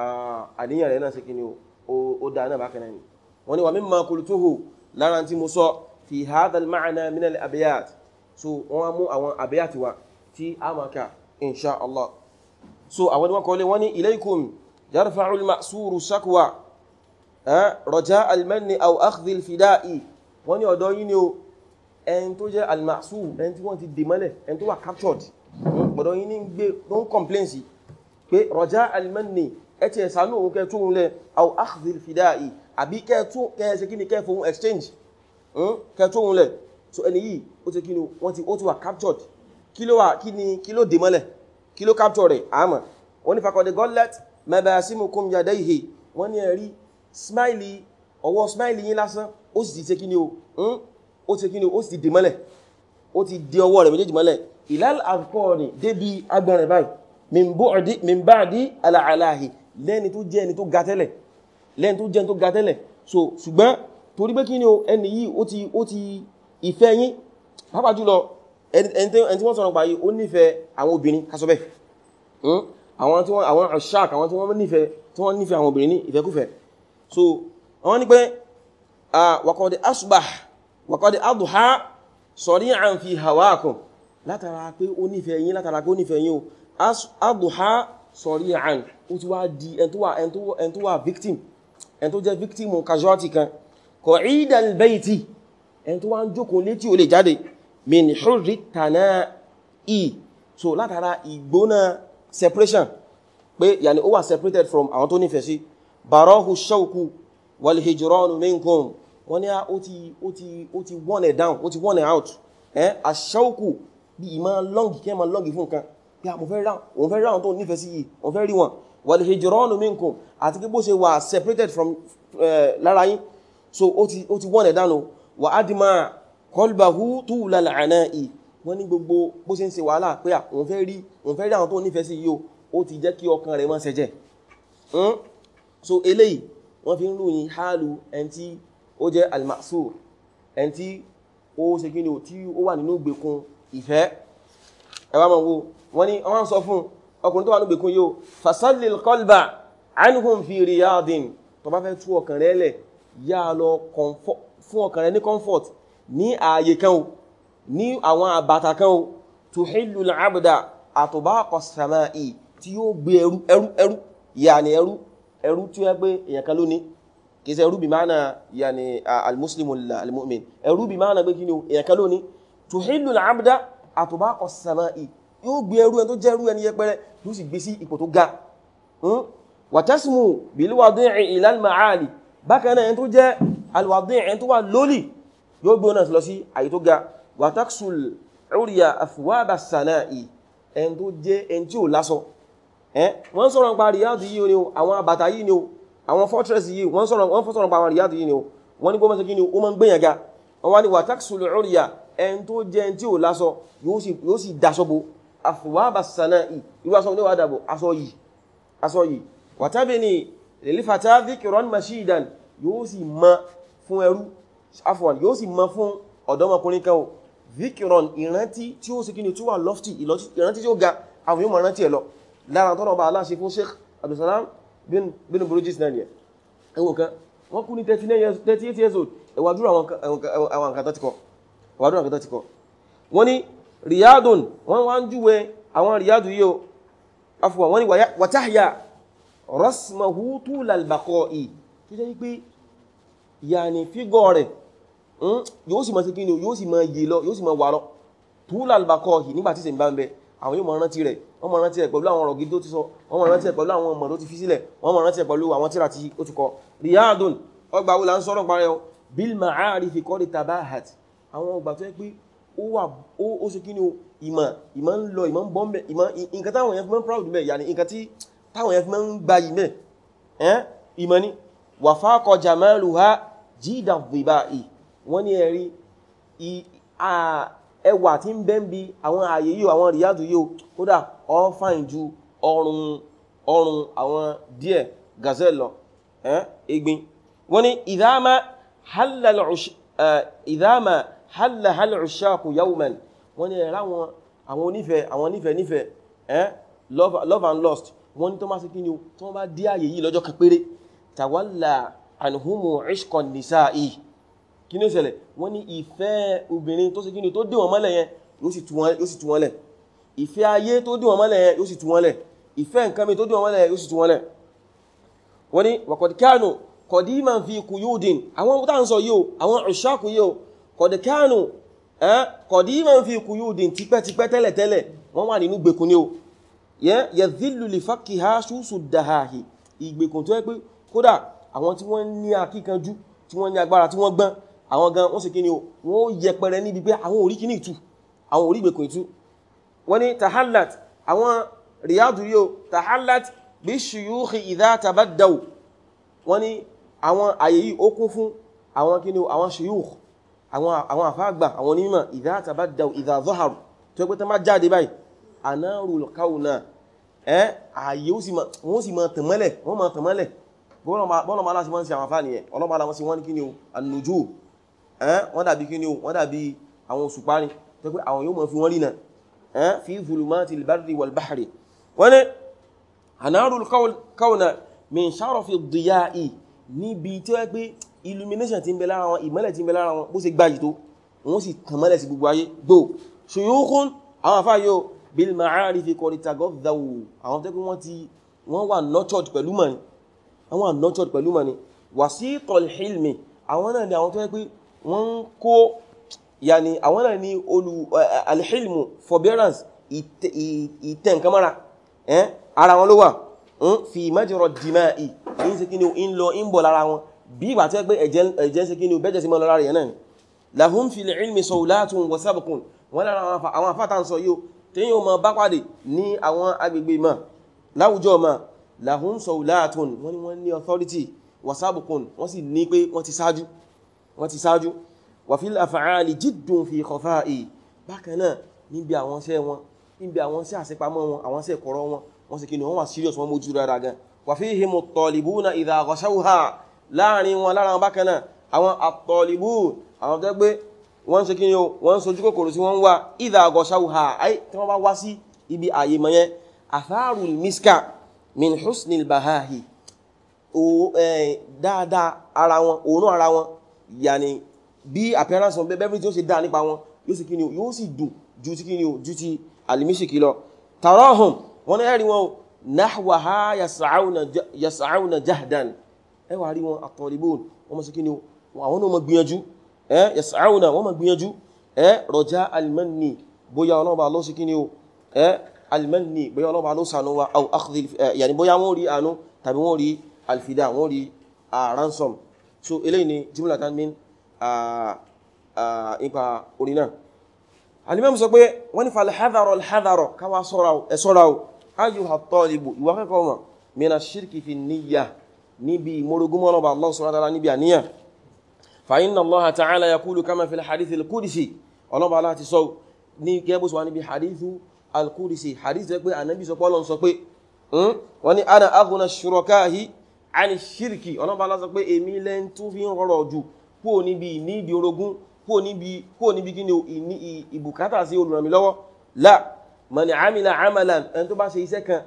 uh, àníyàn rẹ̀ náà sí kí ni ó dáa náà bákan náà ni wọ́n ni wà mimma qultuhu lára tí mo sọ fi hadha al-ma'na min al-abiyat so wọ́n mú àwọn abiyat wa tí a insha Allah so àwọn ni wọ́n kọ́lé wọ́n ni ilaykum yarfa'u shakwa eh, raja'a al-manni aw akhdhi fidai wọ́n ni ọ̀dọ̀ yín o ẹni tó jẹ́ almasu ẹni tí wọ́n ti dè mọ́lẹ̀ tó wà captured gbọ́dọ̀ yìí ní gbé ló ń complain sí pé rọjá almanni ẹ ti ẹ̀sánú òun kẹ tóun lẹ au akhdhil fidai àbí kẹ tún kẹ ṣe kí exchange hmm? kẹ tóun so ẹni yìí ó ti kí ni wọ́n captured kí ló wà kí ni kí ló dè mọ́lẹ̀ kí ló capture rẹ̀ àmọ́ wọ́n ní fakọ̀dé smiley ọwọ́ smiley yín lásán ó sì ti ṣe kí ni o hmm? ó ti kíni ó sì dì mọ́lẹ̀ ó ti di ọwọ́ rẹ̀ méjèèjì mọ́lẹ̀ ìlàl àkọọ̀rìn débi agbọ̀nrẹ̀ báyìí min ba'di alàláhì lẹ́ni tó jẹ́ ẹni tó ga tẹ́lẹ̀ lẹ́ni tó jẹ́ ẹni tó ga tẹ́lẹ̀ so ṣùgbọ́n torí pé kíni ẹni yìí ó ti ó ti ìfẹ́ yín pàápàá jùlọ ẹni tí wọ́n sọ̀rọ̀ pa yìí ó nífẹ̀ẹ́ àwọn obìnrin ká sọ bẹ́ẹ̀ hmm? àwọn tí wọ́n àwọn ọ̀ṣák àwọn tí wọ́n nífẹ̀ẹ́ tí wọ́n nífẹ̀ẹ́ àwọn obìnrin so àwọn ní pé ah, wàkọ̀dẹ̀ asbah wàkọ́dí adùhá sọ̀rí àn fi hàwákùn látara pé ó nífẹ̀ẹ́ yín látara pé ó nífẹ̀ẹ́ yín o adùhá sọ̀rí àn ó ti wá di ẹn tó wà victim ẹn tó jẹ́ victim casualty kan kọ̀ ìdàn bẹ́ẹ̀tì ẹn tó wá ń jókòó létí ó lè jáde min hurri tana wọ́n ní ah, ó ti ó ti ó ti worn it down ó ti One it out ẹ́ aṣọ́kù bí i máa lọ́ngì kí ẹ máa lọ́ngì fún nǹkan bí a mọ̀ fẹ́ ráun òun fẹ́ ráun tó nífẹ̀ẹ́ sí yìí òun fẹ́ rí wọn wal hijranu minkum àti kí bó ṣe wà separated from eh, lára yín so ó ti ó ti worn it down o wà á di máa qalbahu tula al-ana'i wọ́n ní gbogbo bó ṣe ń ṣe wàhálà pé òun ah, fẹ́ rí òun fẹ́ ráun tó nífẹ̀ẹ́ sí yìí ó ti jẹ́ kí ọkàn rẹ̀ máa ṣẹ̀jẹ̀ hmm? so eléyìí wọ́n fi ń ròyìn hálù ẹni tí ó jẹ́ al-ma'sur ẹn tí ó ṣe kí ni ò tí ó wà nínú gbèkun ìfẹ́ ẹwà mọ̀ wo wọ́n ni wọ́n sọ fún ọkùnrin tó wà nínú gbèkun yóò fasallil qalba anhum fi riyadin tó bá fẹ́ tú ọkàn rẹ̀ lẹ̀ yá lọ fún ọkàn rẹ̀ ní comfort ní ààyè kan ní àwọn àbàtà kan tuhillu al-abda àtọ̀bákọ̀ sàmáì tí yóò gbé ẹrú ẹrú ẹrú ẹrú tí ó yẹ pé èèyàn kan lónìí kìí ṣe ẹrú bí máa na yàní almuslimu almu'min ẹrú bí máa na pé kí ni èyàn kan lóní tuhillu al-abda atbaqa as-sama'i yóò gbé ẹrú ẹni tó jẹ́ ẹrú ẹni yẹpẹrẹ yóò sì gbé sí ipò tó ga hmm? wa tasmu bil wadi'i ila al-ma'ali bákan náà ẹni tó jẹ́ alwadi'i ẹni tó wà àwọn fortress yìí wọ́n sọ̀rọ̀ wọ́n fọ́sọ̀rọ̀ pa àwọn riyadu yìí ni o wọ́n ní gbọ́mọ̀ sí kí ni ó máa ń gbìyàn ga wọ́n wá ní wà taksulu uriya ẹn tó jẹ tí ò lásọ yóò sì dasọ́bo athwaba sana'i irú aṣọ ní wà dàbò aṣọ yìí aṣọ yìí wà tábí ni lèlífàtà dhikran mashidan yóò sì mọ fún ẹrú afwan yóò sì mọ fún ọ̀dọ́mọkùnrin kan o dhikran ìrántí tí ó sì kí ni tí ó wà lofty ìrántí tí ó ga àwọn yóò mọ̀ rántí ẹ̀ lọ lára tọ́nà ọba aláṣẹ fún Sheikh Abdulsalam bínú burújísì náà nìyẹn ẹwọ kan wọ́n kú ní 38 years old ẹwàdúrà àwọn àkàtọ́ ti kọ ẹwàdúrà àkàtọ́ ti kọ wọ́n ní riyadun wọ́n wá ń júwe àwọn riyadu yíò afuwa wọ́n ní wàtáhíyà rọ́smahutu lalbakọ́ ì tó jẹ́ wípé yàní fígọ́ rẹ̀ hmm, yóò sì máa sí kí ni yóò sì máa yìí lọ yóò wọ́n máa rántí ẹ̀ pẹ̀lú àwọn ọ̀rọ̀ gidi tó ti sọ wọ́n máa rántí ẹ̀ pẹ̀lú àwọn ọmọ tó ti fi sílẹ̀ wọ́n máa rántí ẹ̀ pẹ̀lú àwọn tíra tí ó ti kọ riyadun ọgbà wo la ń sọ̀rọ̀ parẹ́ o bil ma'arifi qad tabahat àwọn ọgbà tó yẹ pé ó wà ó ṣe kí ni ìmọ̀ ìmọ̀ ń lọ ìmọ̀ ń bọ́ mẹ́ ìmọ̀ proud mẹ́ yàní nǹkan tí táwọn yẹn fi máa ń gbayì mẹ́ ẹ́n ìmọ̀ ni wà fákọ̀ jamaluha jídà vìbáì wọ́n ní ẹ̀rí ẹwà tí ń bẹ́ ń bi àwọn ààyè yóò àwọn ríyádù yóò kódà ọ fàìn ju ọrùn ọrùn àwọn díẹ̀ gazelle lọ egbin wọ́n ni ìdáàmà hàlàhàlà òṣàkù yawman wọ́n ni ẹ̀rá àwọn onífẹ́ àwọn onífẹ́ nífẹ́ love and lust wọ́n ni tó máa sí kí ni tó bá dí ààyè yìí lọ́jọ́ kan péré tàwálà ànhúmù ìṣkàn nìsáì kí ni ó ṣẹlẹ̀ wọ́n ni ìfẹ́ obìnrin tó sí kí ni tó dé wọn mọ́lẹ̀ yẹn yóò sì tú wọn lẹ̀ ìfẹ́ ayé tó dùn wọn mọ́lẹ̀ yóò sì tú wọn lẹ̀ ìfẹ́ nǹkan mi tó dùn wọn mọ́lẹ̀ yóò sì tú wọn lẹ̀ wọ́n ni wàkọ̀dìkánù kọ̀díman fi kuyudin àwọn tá ń sọ yíò àwọn ìṣàkù yíò kọ̀dìkánù kọ̀díman fi kuyudin tipẹ́tipẹ́ tẹ́lẹ̀tẹ́lẹ̀ wọ́n wà nínú gbèkùn ni o yẹ̀dìlù lè fàkì ha ṣúṣù dàhàhì ìgbèkùn tó yẹ pé kódà àwọn tí wọ́n ní akíkanjú tí wọ́n ní agbára tí wọ́n gbọ́n àwọn gan wọ́n sì kí ni o wọ́n yẹpẹrẹ níbi pé àwọn orí kìíní ìtù àwọn orí gbèkùn ìtù wọ́n ní tahallat àwọn riyadu yóò tahallat bí ṣuyúkì ìdá tabaddaw wọ́n ní àwọn àyè yìí ó kún fún àwọn kí ni àwọn ṣuyúkì àwọn àfáàgbà àwọn onímọ̀ ìdá tabaddaw ìdá zọ́hàrù tó pẹ́ tó má jáde báyìí anárul kauna ẹ́ àyè wọ́n sì mọ̀ tẹ̀mọ́lẹ̀ wọ́n mọ̀ tẹ̀mọ́lẹ̀ bọ́nà máa láti wọ́n sí àwọn àfáà nìyẹn ọlọ́mà aláwọ́ sí wọ́n ní kí ni òṣùpá ni tó àwọn yóò mọ̀ fi wọ́n rí náà fi zulumati albarri wal bahri wani anarul kauna min sharafi diya'i níbi tí wọ́n pé illumination ti ń bẹ lára wọn ìmọ́lẹ̀ ti ń bẹ lára wọn bó ṣe gbáyì tó wọ́n sì tàmọ́lẹ̀ sí gbogbo ayé gbò ṣuyúkún àwọn afá yóò bil ma'arifi kọrì tagọ́dáwò àwọn tẹ́kù wọ́n ti wọ́n wà nurtured pẹ̀lú mani àwọn nurtured pẹ̀lú mani wà sí tọ̀lhílmi àwọn ni àwọn tó yẹ pé wọ́n yani àwọn náà ni olù eh, eh, alhilmu forbearance ìtẹ́ nǹkan mara eh ara wọn ló wà hmm, fi majra dima'i in se kíni in lọ in bọ̀ lára wọn bí ìgbà tí ó pé ẹ̀jẹ̀ se kíni bẹ́jẹ̀ sí mọ́ lára rẹ̀ náà ni lahum fil ilmi sawlatun wa sabqun wọ́n lára àwọn afáta ń sọ authority wa sabqun wọ́n sì ní pé wọ́n wàfíl àfààlì jiddun fi khafa'i bákan náà níbi àwọn iṣẹ́ wọn níbi àwọn iṣẹ́ àṣepamọ́ wọn àwọn iṣẹ́ kọ̀rọ̀ wọn wọ́n sì kí ni wọ́n wà serious wọn mójú rárá gan wafihimu at-talibuna idha ghashawha láàrin wọn lára wọn bákan náà àwọn at-talibun àwọn tó pé wọ́n ṣe kí ni wọ́n sojú kòkòrò sí wọ́n wá idha ghashawha ayé tí wọ́n bá eh, ara wọn òórùn ara wọn yàní bí appearance wọn bẹ́bẹ́rí tí ó ṣe dá nípa wọn yóò sì kíni yóò sì dùn ju ti kíni ju ti alimishiki lọ tarahum wọn ní ẹ̀rí wọn nahwa ha yasa'una jahdan ẹwà rí wọn at-talibun wọn mọ̀ sí kíni àwọn náà mọ̀ gbìyànjú ẹ́ yasa'una wọn mọ̀ gbìyànjú ẹ́ rọjá almanni bóyá ọlọ́ba lọ sí kíni ẹ́ almanni bóyá ọlọ́ba lọ sànú wa aw akhdhi yàní bóyá wọ́n rí so eléyìí ni jimlatan min ipa orin náà alimẹ́mù sọ pé wọ́n ni falhadharọ̀ alhadharọ̀ káwà ẹ̀ṣọ́ra o ayyuha talibu ìwà kẹ́kọ̀ọ́ ọmọ mina shirki fi níyà níbi mọ́rọ̀gúnmọ́nà bá Allah subhanahu wa ta'ala níbi àníyàn fa inna Allah ta'ala yaqulu kama fil hadith al-qudsi ọlọ́ba aláti sọ ní gẹ́gbùsùn wa níbi hadith al-qudsi hadith pé ànábì sọ pọ́lọ́n sọ pé hmm? wọ́n ni ana kúrò níbi ìní ìdí orogún kúrò níbi kúrò níbi kí ni ìbùkátà sí olùrànmílọ́wọ́ la mani amila amalan ẹni tó bá ṣe iṣẹ́ kan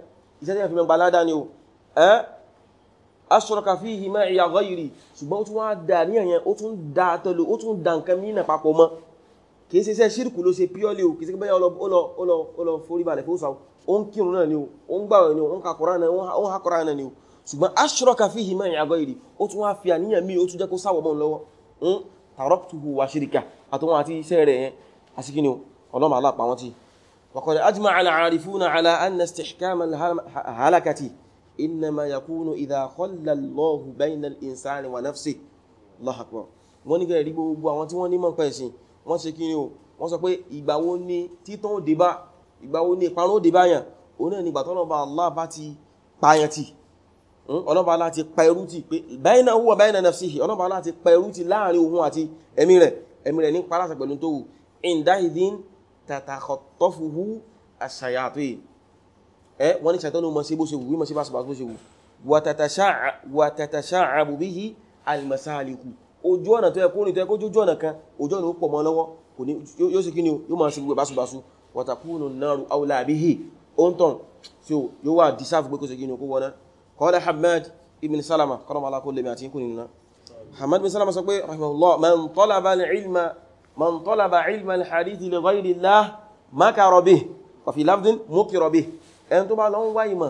iṣẹ́ tí a fi mẹ́gbà ládá ni o ẹ́n asọ́rọ̀ka fi ìhìmá ìyà gọ́yìrì ṣùgbọ́n ó tún wá dà ní ẹ̀yẹn ó tún dà tọ́lọ ó tún dà nǹkan mí náà papọ̀ mọ́ kìí ṣe iṣẹ́ ṣírkù ló ṣe píọ́lì o kìí ṣe bẹ́yà ọlọ foríbalẹ̀ fóòsà ó ń kírun náà ni o ó ni o ó ń kakọ̀rá náà ń taraktuhu wa shirka àtọ́wọ́n àti iṣẹ́ rẹ̀ yẹn àsìkíni ọlọ́mà aláàpá wọn ti وقد أجمع العارفون على أن استحكام الهلكة إنما يكون إذا خلى الله بين الله أكبر wọ́n ní gẹ̀rẹ̀ gbogbo àwọn tí wọ́n ní mọ̀pẹ̀ sí wọ́n ṣe kíni o wọ́n sọ pé ìgbàwó ní títàn òdìbá ìgbàwó ní ìparun òdìbá yàn òun náà nígbà tọ́lọ́bà Allah bá Hmm? ọlọ́ba láti pa ẹrú tì pé báyìí náà wúwà báyìí náà nafsihi ọlọ́ba láti pa ẹrú tì láàrin ohun àti ẹ̀mí rẹ̀ ẹ̀mí rẹ̀ ní paláṣẹ pẹ̀lú tó wù ìndáhìdín tàtàkọ̀tọ́fuhu àṣàyàtì ẹ wọ́n ní ṣàtọ́nù mọ́ sí bó ṣe wù bí mọ́ sí bá ṣe bó ṣe wù wàtàtàṣàbù bihi almasaliku ojú ọ̀nà tó ẹkùnrin tó ẹkùn ojú ọ̀nà kan ojú ọ̀nà ó pọ̀ mọ́ قال حماد ابن سلمة قال الله كل ما تين كلنا حماد بن سلمة سقوي رحمه الله من طلب العلم من طلب علم الحديث لغير الله مكر به وفي لفظ مكر به ان تو با لون وا ìmọ̀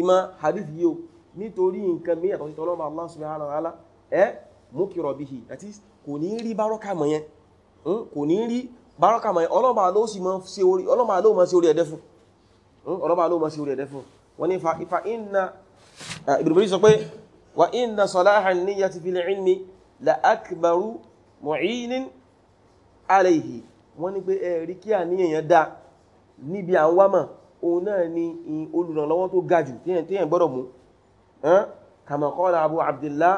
ìmọ̀ hadith yo nítorí nǹkan mi àti tolo Allah subhanahu wa ta'ala eh mukir bihi that is kò ní rí baraka mo yẹn hmm kò ní rí baraka mo yẹn Ọlọ́run ba ló sì mo ṣe orí Ọlọ́run hm, wọ́n ní fa ifa ìbìrìbìrì eh, sọ pé wà inna salahan niyyati fil ilmi la akbaru mu'inin alayhi wọ́n ní pé ẹ̀rí kí àníyàn dá níbi à ń wá mọ̀ òun náà ni olùrànlọ́wọ́ tó ga jù téèyàn gbọ́dọ̀ mú eh, kama qala abu abdullah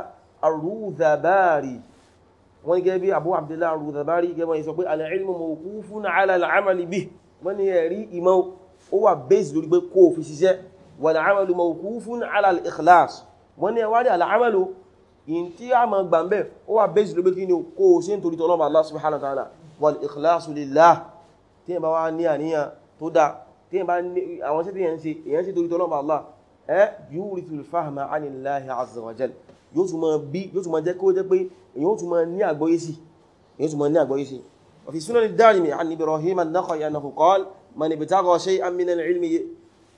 arúzàbárì wọ́n ní gẹ́gẹ́ bí abu abdullah arúzàbárì gẹ́gẹ́ sọ pé al-ilmu mawqufun ala al ó wà base lórí pé kó fi ṣiṣẹ́ wal amalu mawqufun ala al ikhlas wọ́n ní ẹwà rí al-amalu in tí a ma gbà mẹ́ ó wà bẹ́sì ló bẹ́ kí ni kó o ṣe ń torí tọ́lọ́mà Allah subhanahu wa ta'ala wal ikhlasu lillah tí ẹ bá wá ní àníyàn tó dá tí ẹ bá ní àwọn sí tí yẹn ṣe èyàn sí torí tọ́lọ́mà Allah ẹ yurithul fahma anillahi azza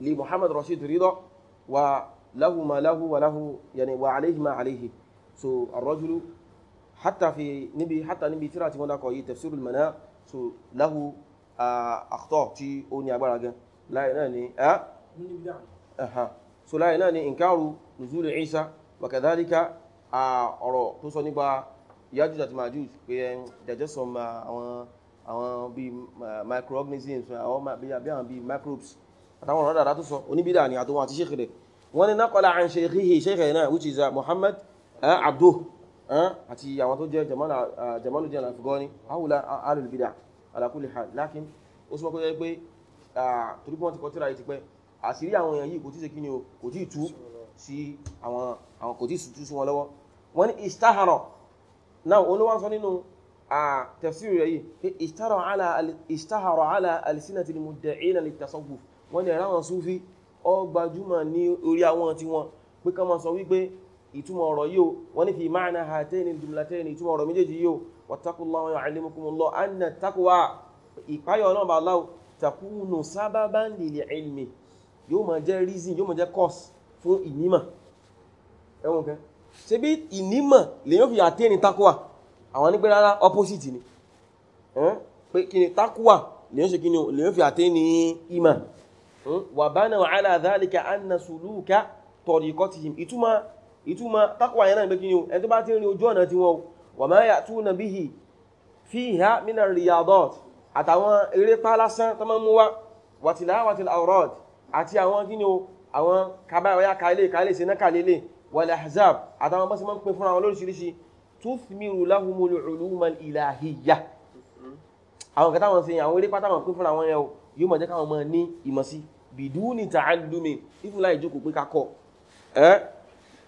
لمحمد رشيد رضا وله ما له وله يعني وعليه ما عليه so الرجل حتى في نبي حتى نبي ترى تقول لك تفسير المناع so له أخطاء تي أوني عبارة جن لا يناني أه أها so لا يناني إنكار نزول عيسى وكذلك ọ̀rọ̀ tó sọ nípa Yajuj àti Majuj pé jẹjẹ sọ àwọn bíi microorganisms àwọn bíi microbes àtàwọn ọ̀rọ̀ dáadáa tó sọ oníbídà ni àtọwọn àti ṣéèkì rẹ̀ wọ́n ní naqala an shaykhihi ṣéèkì rẹ̀ náà which is uh, Muhammad uh, Abduh uh, àti àwọn tó jẹ́ Jamaluddin Al-Afghani haula ahlul bid'ah ala kulli hal lakin ó súnmọ́ kó jẹ́ pé torí pé wọ́n ti kọ tírà yìí ti pẹ́ àṣírí àwọn èèyàn yìí kò tí ṣe kí ni o kò tí tú sí àwọn kò wọ́n ní àwọn súfí ọ gbajúmọ̀ ní orí àwọn tí wọ́n pé kán máa sọ wípé ìtumọ̀ ọ̀rọ̀ yìí wọ́n ní fi ma'na hataini jumlataini ìtumọ̀ ọ̀rọ̀ méjèèjì yìí wattaqullaha wa yu'allimukumullah anna taqwa ìpáyọ̀ náà ṣe kí ni taqwa lèyàn ṣe kí ni ìmọ̀ wa banaw ala dhalika anna suluka tariqatihim ìtumọ̀ ìtumọ̀ taqwa yana be kini o en tó bá tin rìn ojú ọ̀nà tí wọn wa ma ya'tuna bihi fiha min ar-riyadat àtàwọn eré pa lásán tó ma mú wá wa tilawatil awrad àti àwọn kini o àwọn kaba oya kale kale se na kalele wal ahzab àtàwọn bó ṣe ma pín fún àwọn lóríṣiríṣi tuthmiru lahumul ulum al ilahiyya mm-hmm. àwọn kan táwọn ṣe àwọn eré pa táwọn pín fún àwọn yẹn o yóò máa jẹ́ káwọn máa ní ìmọ̀sí biduni ta'allumi ifúnlá ìjókò pé kakọ́ ẹ́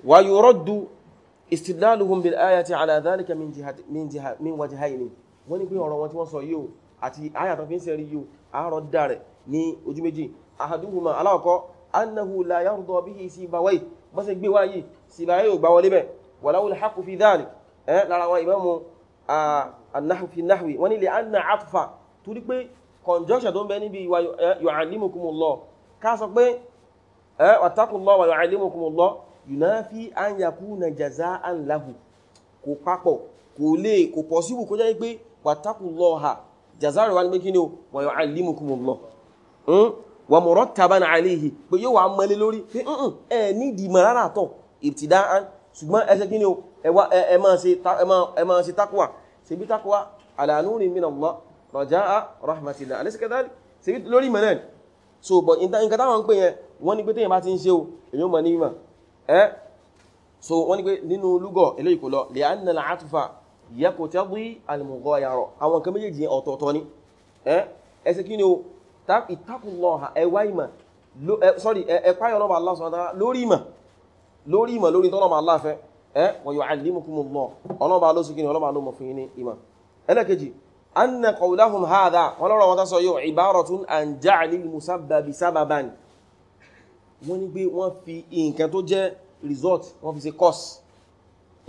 wa yuraddu istidlaluhum bil ayati ala dhalika min wajhayni wọ́n ní pé ọ̀rọ̀ wọn tí wọ́n sọ yóò àti ayàtọ̀ fi ń sẹ́rí yóò àárọ̀ dàrẹ̀ ní ojú méjì ahaduhuma aláwọ̀kọ́ annahu la pé conjunction tó ń bẹ níbi ìwà eh, yu'allimukumullah ká sọ pé eh, wattaqullah wa yu'allimukumullah yunafi an yakuna jaza'an lahu kò papọ̀ kò lè kò possible kó jẹ́ pé wattaqullaha jaza rẹ̀ wá ní pé kí ni o wa yu'allimukumullah hmm? wa murattaban alayhi pé yóò wà mọ́lé lórí pé ẹ nídìí mọ̀ rárá tọ̀ ibtida'an ṣùgbọ́n ẹsẹ́ kí ni o ẹ máa ṣe takuwa ṣe bí takuwa ala nurin min rọ̀jáà rahmatillah alẹ́sì kẹtàlì sí lórí mọ̀ so but nǹkan táwọn ń pè yẹn wọ́n ní pé téèyàn bá ti ń ṣe o èyí mọ̀ ní mímọ̀ ẹ́ so wọ́n ni pé nínú lúgọ̀ eléyìí kò lọ lè á nà láàtúfà yẹ́kò tẹ́ bí alìmọ̀gọ́ yàrọ̀ àwọn nǹkan méjèèjì ọ̀tọ̀ọ̀tọ̀ ni ẹ́ ẹsẹ̀ kí ni o ìtakùnlọ́ha ẹwà ìmọ̀ sorry ẹ̀páyọ̀ Allah subhanahu lórí ìmọ̀ lórí Allah fẹ́ ẹ́ wọ̀yọ̀ alìmọ̀kùnmọ̀ ọlọ́ba ló sì kí ni anna qawlahum hadha wọ́n lọ́rọ̀ wọn tásọ yóò ibaratun an ja'li musabbabi sababan wọ́n ní pé wọ́n fi nǹkan tó jẹ́ result wọ́n fi ṣe cause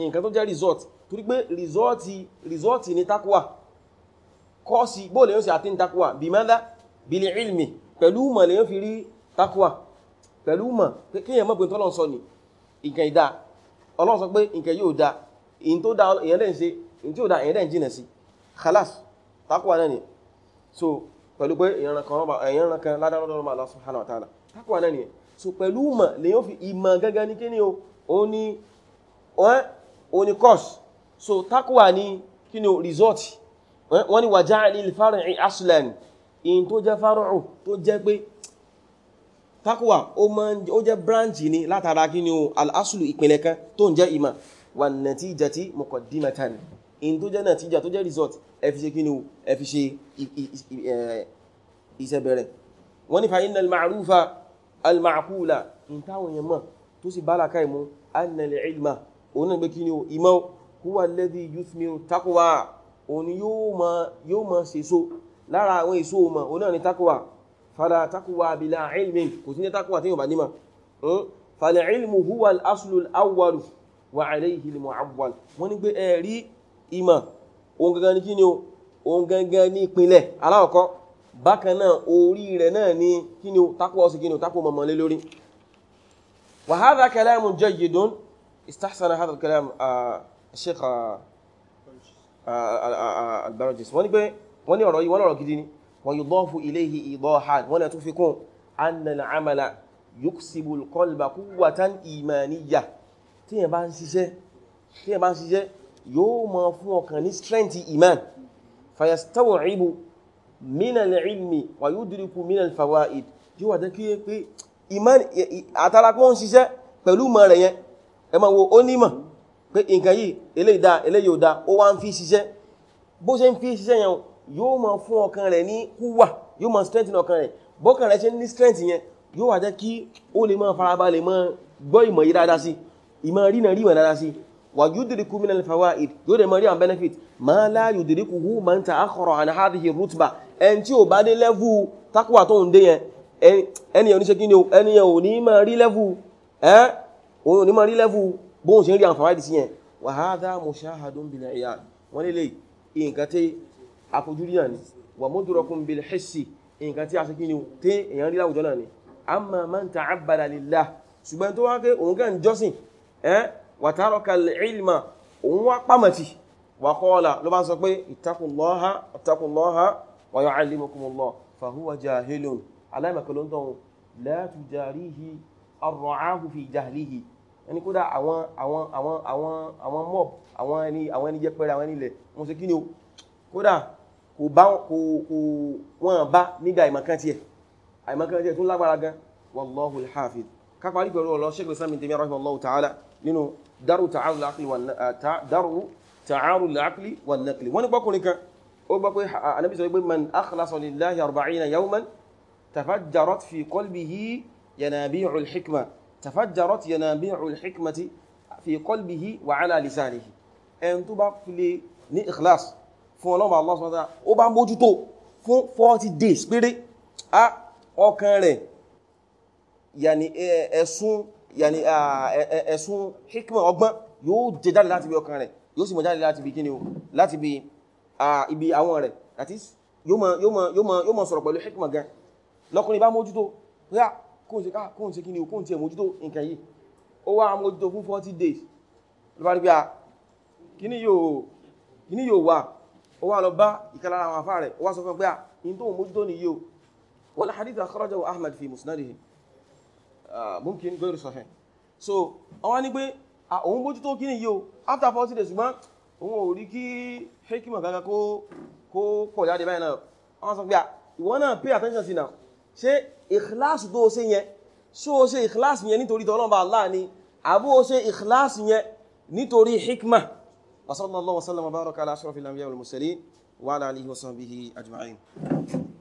nǹkan tó jẹ́ result torí pé result ni takwa cause bóòlè yóò sì àti takwa bí mẹ́dá bil ilmi pẹ̀lú mọ̀ lè yóò fi rí takwa pẹ̀lú mọ̀ pé kíyàn mọ́ pé tọ́lọ́n sọ ni nǹkan ìdá ọlọ́run sọ pé nǹkan yóò da èyí tó da èyàn lẹ́yìn ṣe èyí tí ó da èyàn lẹ́yìn jìnà sí khalas takwa náà ni so pẹ̀lú pé ìyànràn kan ládárọ́dọ́rọ́ Allah subhanahu wa ta'ala takwa náà ni so pẹ̀lú ìmọ̀ lè yóò fi ìmọ̀ gẹ́gẹ́ ní kí ni o ní course so takwa ni kí ni o result wọ́n ni waja'ali al-far'i aslan in tó jẹ́ far'u tó jẹ́ pé takwa branch ni látara kí o al-aslu ìpìnlẹ̀ kan tó ń jẹ́ ìmọ̀ in tó jẹ́ nàtíjà tó jẹ́ result ẹ fi ṣe kí ni o ẹ fi ṣe iṣẹ́ bẹ̀rẹ̀ wọ́n ní fa inna al-ma'rufa al-ma'qula in táwọn yẹn mọ̀ tó sì bá làkà ìmú anna al-ilma òun náà gbé kí ni o ìmọ̀ huwa alladhi yuthmiru taqwa òun yóò mọ̀ ṣe so lára àwọn èso mọ̀ òun náà ni taqwa fala taqwa bila ilmin kò sí ní taqwa tí yóò bá nímọ̀ fal ilmu huwa al-aslu al-awwalu wa alayhi muawwal wọ́n ní gbé ìmọ̀ ohun gangan ní kí ni o ohun gangan ní ìpínlẹ̀ aláwọ̀kọ́ bákan náà orí rẹ̀ náà ní kí ni o takwa ọsì kí ni o takwa mọ̀mọ̀ lé lórí wa hadha kalamun jayyidun istahsana hadha kalam sheikh yóò máa fún ọkàn ní strength iman fayastawibu minal ilmi wa yudriku minal fawaid yóò wà jẹ́ pé iman àtàràkọ́ ń ṣiṣẹ́ pẹ̀lú mọ̀ rẹ̀ yẹn ẹ máa wo ó nímọ̀ pé nǹkan yìí eléyìí dá eléyìí ò dá ó wá ń fi ṣiṣẹ́ bó ṣe ń fi ṣiṣẹ́ yẹn yóò máa fún ọkàn rẹ̀ ní kúwà yóò máa strengthen ọkàn rẹ̀ bọ́kàn rẹ̀ ṣe ní strength yẹn yóò wà jẹ́ ó lè máa farabalẹ̀ máa gbọ́ ìmọ̀ yìí dáadáa sí ìmọ̀ rí wa yudriku min al-fawaid yóò dẹ̀ mọ̀ rí àwọn benefit ma la yudrikuhu man ta'akhkhara an hadhihi rutba ẹn tí ò bá dé lẹ́fù takwa tó ń dé yẹn ẹni yẹn oníṣẹ́ kíni ẹni yẹn ò ní máa rí lẹ́fù ẹ́ òun ní máa rí lẹ́fù bóhun ṣe ń rí àwọn fawaid sí yẹn wa hadha mushahadun wàtàrọ̀kà ilma òun wá pàmàtì wàkọ́ọ̀lá ló bá ń sọ pé ittaqullaha ittaqullaha wa yu'allimukumullah fahuwa jahilun aláìmọ̀kẹ́lóntọ́n la tujarihi arra'ahu fi jahlihi ẹni kódà àwọn àwọn àwọn àwọn àwọn mob àwọn ẹni àwọn ẹni jẹ́pẹ̀rẹ̀ àwọn ẹni ilẹ̀ wọ́n ṣe kí ni o kódà kò bá kò wọ́n bá nígbà ìmọ̀kan tiẹ̀ àìmọ̀kan tiẹ̀ tún lágbára gan wallahul hafiz kápá rí pẹ̀lú ọlọ́ Shaykh Islam Ibn nínú dárò tààrù láàkìlì wà nàkìlì wọ́n ní pọ́kùnrin kan ó gbọ́ pé anábì sọ pé man akhlasa lillahi arba'ina yawman tafajjarat fi qalbihi yanabi'ul hikma tafajjarat yanabi'ul hikmati fi qalbihi wa ala lisanihi ẹn tó bá file ní ikhlas fún ọlọ́mà yàní e, e, ẹ̀sùn hikma ọgbọ́n yóò jẹ jáde láti bí ọkàn rẹ̀ yóò sì mọ̀ jáde láti bí kíni o láti bí ibi àwọn rẹ̀ àti yóò mọ̀ sọ̀rọ̀ pẹ̀lú hikma gan lọ́kùnrin bá mójútó rá kóhùn sí kíni o kóhùn tí ẹ mójútó nǹkan yìí 40 days ló bá rí bí a kíní yóò wà ó wá lọ bá ìkàlára àwọn afá rẹ̀ ó wá sọ fún pé à in tó mójútó ni yóò mumkin gairu sahih so àwọn ní pé ah, òun bójú tó kí ní yíò after 40 days ṣùgbọ́n òun ò rí kí hekima gaga kó pọ̀ jáde báyìí náà wọ́n sọ pé ah, ìwọ náà pay attention sí náà ṣe ìkìláàsì tó ṣe yẹn ṣó o ṣe ìkìláàsì yẹn nítorí tọ́lọ́mbà Allah ni àbú hikma wa